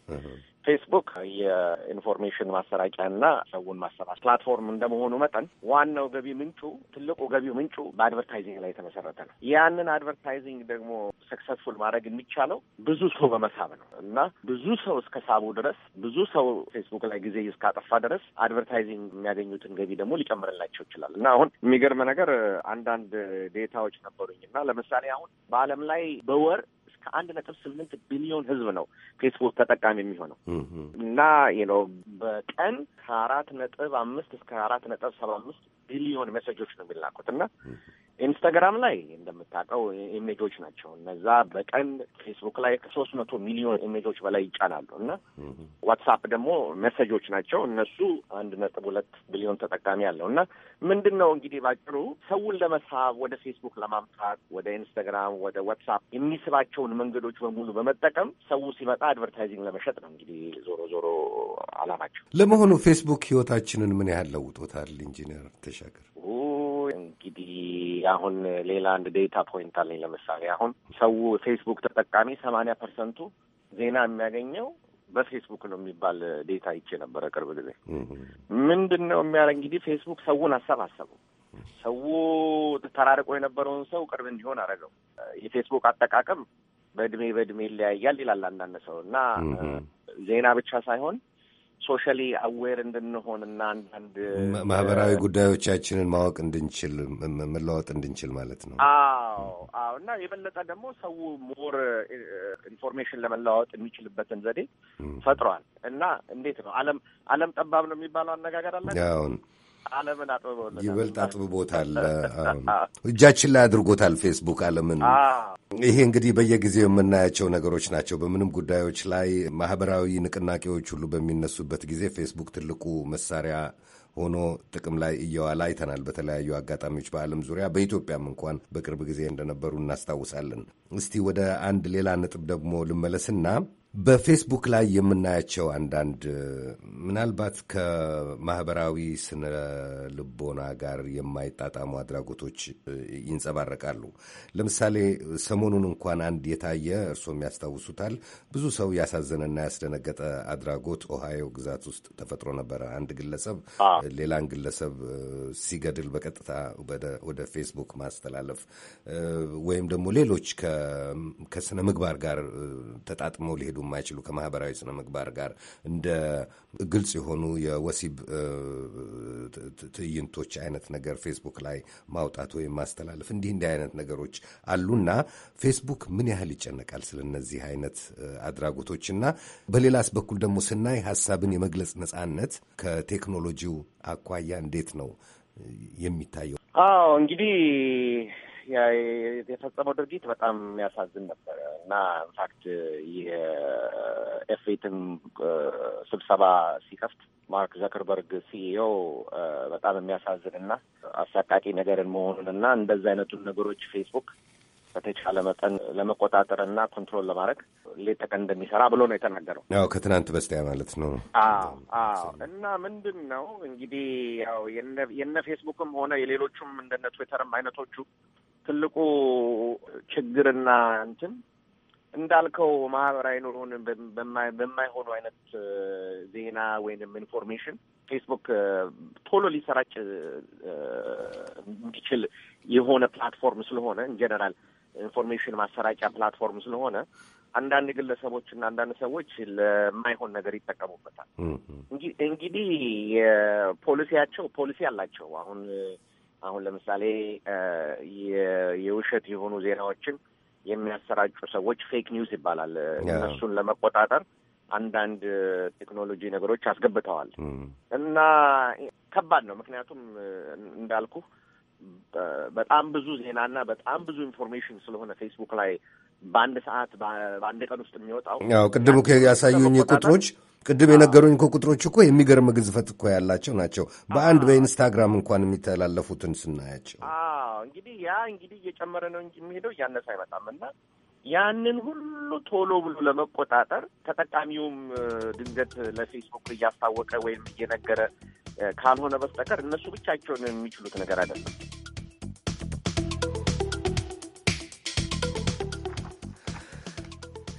ፌስቡክ የኢንፎርሜሽን ማሰራቂያና ሰውን ማሰባ ፕላትፎርም እንደመሆኑ መጠን ዋናው ገቢ ምንጩ ትልቁ ገቢው ምንጩ በአድቨርታይዚንግ ላይ የተመሰረተ ነው። ያንን አድቨርታይዚንግ ደግሞ ሰክሰስፉል ማድረግ የሚቻለው ብዙ ሰው በመሳብ ነው እና ብዙ ሰው እስከ ሳቡ ድረስ ብዙ ሰው ፌስቡክ ላይ ጊዜ እስካጠፋ ድረስ አድቨርታይዚንግ የሚያገኙትን ገቢ ደግሞ ሊጨምርላቸው ይችላል እና አሁን የሚገርም ነገር አንዳንድ ዴታዎች ነበሩኝ እና ለምሳሌ አሁን በዓለም ላይ በወር ከአንድ ነጥብ ስምንት ቢሊዮን ህዝብ ነው ፌስቡክ ተጠቃሚ የሚሆነው እና ነው በቀን ከአራት ነጥብ አምስት እስከ አራት ነጥብ ሰባ አምስት ቢሊዮን ሜሴጆች ነው የሚላኩት እና ኢንስታግራም ላይ እንደምታውቀው ኢሜጆች ናቸው እነዛ። በቀን ፌስቡክ ላይ ከሶስት መቶ ሚሊዮን ኢሜጆች በላይ ይጫናሉ እና ዋትሳፕ ደግሞ ሜሴጆች ናቸው እነሱ አንድ ነጥብ ሁለት ቢሊዮን ተጠቃሚ አለው እና ምንድን ነው እንግዲህ ባጭሩ ሰውን ለመሳብ ወደ ፌስቡክ ለማምጣት ወደ ኢንስታግራም፣ ወደ ዋትሳፕ የሚስባቸውን መንገዶች በሙሉ በመጠቀም ሰው ሲመጣ አድቨርታይዚንግ ለመሸጥ ነው እንግዲህ ዞሮ ዞሮ አላማቸው። ለመሆኑ ፌስቡክ ህይወታችንን ምን ያህል ለውጦታል? ኢንጂነር ተሻገር አሁን ሌላ አንድ ዴታ ፖይንት አለኝ። ለምሳሌ አሁን ሰው ፌስቡክ ተጠቃሚ ሰማንያ ፐርሰንቱ ዜና የሚያገኘው በፌስቡክ ነው የሚባል ዴታ ይቼ ነበረ ቅርብ ጊዜ። ምንድን ነው የሚያደርግ እንግዲህ ፌስቡክ ሰውን አሰባሰቡ። ሰው ተራርቆ የነበረውን ሰው ቅርብ እንዲሆን አደረገው። የፌስቡክ አጠቃቀም በእድሜ በእድሜ ይለያያል ይላል አንዳንድ ሰው እና ዜና ብቻ ሳይሆን ሶሻሊ አዌር እንድንሆን እና አንዳንድ ማህበራዊ ጉዳዮቻችንን ማወቅ እንድንችል መለዋወጥ እንድንችል ማለት ነው። አዎ አዎ። እና የበለጠ ደግሞ ሰው ሞር ኢንፎርሜሽን ለመለዋወጥ የሚችልበትን ዘዴ ፈጥሯል። እና እንዴት ነው አለም አለም ጠባብ ነው የሚባለው አነጋገር አለ። ዓለምን አጥብቦታል፣ ይበልጥ አጥብቦታል። እጃችን ላይ አድርጎታል ፌስቡክ ዓለምን። ይሄ እንግዲህ በየጊዜው የምናያቸው ነገሮች ናቸው። በምንም ጉዳዮች ላይ ማህበራዊ ንቅናቄዎች ሁሉ በሚነሱበት ጊዜ ፌስቡክ ትልቁ መሳሪያ ሆኖ ጥቅም ላይ እየዋለ አይተናል። በተለያዩ አጋጣሚዎች በዓለም ዙሪያ በኢትዮጵያም እንኳን በቅርብ ጊዜ እንደነበሩ እናስታውሳለን። እስቲ ወደ አንድ ሌላ ነጥብ ደግሞ ልመለስና በፌስቡክ ላይ የምናያቸው አንዳንድ ምናልባት ከማህበራዊ ስነ ልቦና ጋር የማይጣጣሙ አድራጎቶች ይንጸባረቃሉ። ለምሳሌ ሰሞኑን እንኳን አንድ የታየ እርሶም ያስታውሱታል፣ ብዙ ሰው ያሳዘነና ያስደነገጠ አድራጎት ኦሃዮ ግዛት ውስጥ ተፈጥሮ ነበረ። አንድ ግለሰብ ሌላን ግለሰብ ሲገድል በቀጥታ ወደ ፌስቡክ ማስተላለፍ ወይም ደግሞ ሌሎች ከስነ ምግባር ጋር ተጣጥመው ሊሄዱ የማይችሉ ከማህበራዊ ስነ ምግባር ጋር እንደ ግልጽ የሆኑ የወሲብ ትዕይንቶች አይነት ነገር ፌስቡክ ላይ ማውጣት ወይም ማስተላለፍ እንዲህ እንዲህ አይነት ነገሮች አሉና ፌስቡክ ምን ያህል ይጨነቃል ስለ እነዚህ አይነት እና በሌላስ በኩል ደግሞ ስናይ ሀሳብን የመግለጽ ነጻነት ከቴክኖሎጂው አኳያ እንዴት ነው የሚታየው? አዎ እንግዲህ የፈጸመው ድርጊት በጣም የሚያሳዝን ነበረ እና ኢንፋክት የኤፌትን ስብሰባ ሲከፍት ማርክ ዘከርበርግ ሲኢኦ በጣም የሚያሳዝን እና አሳቃቂ ነገርን መሆኑን እና እንደዚ አይነቱን ነገሮች ፌስቡክ በተቻለ መጠን ለመቆጣጠር እና ኮንትሮል ለማድረግ ሌት ተቀን እንደሚሰራ ብሎ ነው የተናገረው። ያው ከትናንት በስቲያ ማለት ነው። አዎ። እና ምንድን ነው እንግዲህ ያው የነ ፌስቡክም ሆነ የሌሎቹም እንደነ ትዊተርም አይነቶቹ ትልቁ ችግርና እንትን እንዳልከው ማህበራዊ ኑሮን በማይሆኑ አይነት ዜና ወይንም ኢንፎርሜሽን ፌስቡክ ቶሎ ሊሰራጭ እንዲችል የሆነ ፕላትፎርም ስለሆነ ኢንጀነራል ኢንፎርሜሽን ማሰራጫ ፕላትፎርም ስለሆነ አንዳንድ ግለሰቦች እና አንዳንድ ሰዎች ለማይሆን ነገር ይጠቀሙበታል። እንግዲህ የፖሊሲያቸው ፖሊሲ አላቸው አሁን አሁን ለምሳሌ የውሸት የሆኑ ዜናዎችን የሚያሰራጩ ሰዎች ፌክ ኒውስ ይባላል። እነሱን ለመቆጣጠር አንዳንድ ቴክኖሎጂ ነገሮች አስገብተዋል እና ከባድ ነው። ምክንያቱም እንዳልኩ በጣም ብዙ ዜናና በጣም ብዙ ኢንፎርሜሽን ስለሆነ ፌስቡክ ላይ በአንድ ሰዓት በአንድ ቀን ውስጥ የሚወጣው ያው ቅድሙ ያሳዩኝ ቁጥሮች ቅድም የነገሩኝ እኮ ቁጥሮች እኮ የሚገርም ግዝፈት እኮ ያላቸው ናቸው። በአንድ በኢንስታግራም እንኳን የሚተላለፉትን ስናያቸው እንግዲህ ያ እንግዲህ እየጨመረ ነው እንጂ የሚሄደው እያነሰ አይመጣም እና ያንን ሁሉ ቶሎ ብሎ ለመቆጣጠር ተጠቃሚውም ድንገት ለፌስቡክ እያስታወቀ ወይም እየነገረ ካልሆነ በስተቀር እነሱ ብቻቸውን የሚችሉት ነገር አይደለም።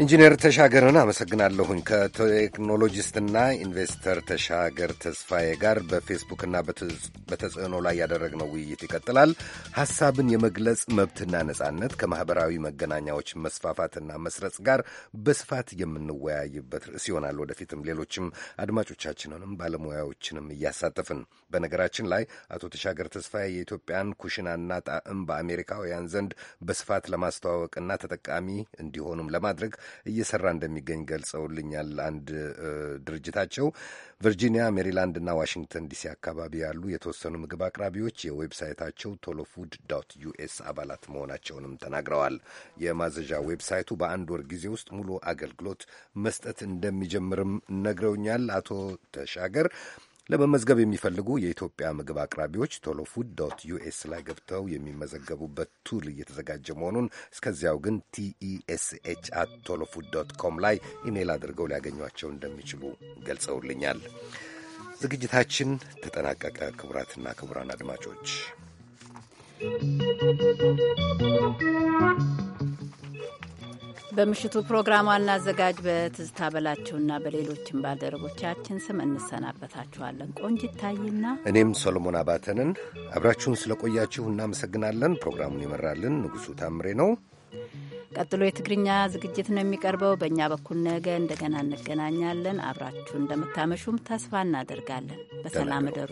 ኢንጂነር ተሻገርን አመሰግናለሁኝ። ከቴክኖሎጂስትና ኢንቨስተር ተሻገር ተስፋዬ ጋር በፌስቡክና በተጽዕኖ ላይ ያደረግነው ውይይት ይቀጥላል። ሐሳብን የመግለጽ መብትና ነጻነት ከማኅበራዊ መገናኛዎች መስፋፋትና መስረጽ ጋር በስፋት የምንወያይበት ርዕስ ይሆናል። ወደፊትም ሌሎችም አድማጮቻችንንም ባለሙያዎችንም እያሳተፍን በነገራችን ላይ አቶ ተሻገር ተስፋዬ የኢትዮጵያን ኩሽናና ጣዕም በአሜሪካውያን ዘንድ በስፋት ለማስተዋወቅና ተጠቃሚ እንዲሆኑም ለማድረግ እየሰራ እንደሚገኝ ገልጸውልኛል። አንድ ድርጅታቸው ቨርጂኒያ፣ እና ዋሽንግተን ዲሲ አካባቢ ያሉ የተወሰኑ ምግብ አቅራቢዎች የዌብሳይታቸው ቶሎፉድ ዶት ዩኤስ አባላት መሆናቸውንም ተናግረዋል። የማዘዣ ዌብሳይቱ በአንድ ወር ጊዜ ውስጥ ሙሉ አገልግሎት መስጠት እንደሚጀምርም ነግረውኛል። አቶ ተሻገር ለመመዝገብ የሚፈልጉ የኢትዮጵያ ምግብ አቅራቢዎች ቶሎ ፉድ ዶት ዩኤስ ላይ ገብተው የሚመዘገቡበት ቱል እየተዘጋጀ መሆኑን፣ እስከዚያው ግን ቲኢኤስኤች አት ቶሎ ፉድ ዶት ኮም ላይ ኢሜይል አድርገው ሊያገኟቸው እንደሚችሉ ገልጸውልኛል። ዝግጅታችን ተጠናቀቀ። ክቡራትና ክቡራን አድማጮች በምሽቱ ፕሮግራሟ አዘጋጅ በትዝታ በላቸውና በሌሎችም ባልደረቦቻችን ስም እንሰናበታችኋለን። ቆንጅ ታይና እኔም ሶሎሞን አባተንን አብራችሁን ስለቆያችሁ እናመሰግናለን። ፕሮግራሙን ይመራልን ንጉሱ ታምሬ ነው። ቀጥሎ የትግርኛ ዝግጅት ነው የሚቀርበው። በእኛ በኩል ነገ እንደገና እንገናኛለን። አብራችሁ እንደምታመሹም ተስፋ እናደርጋለን። በሰላም እደሩ።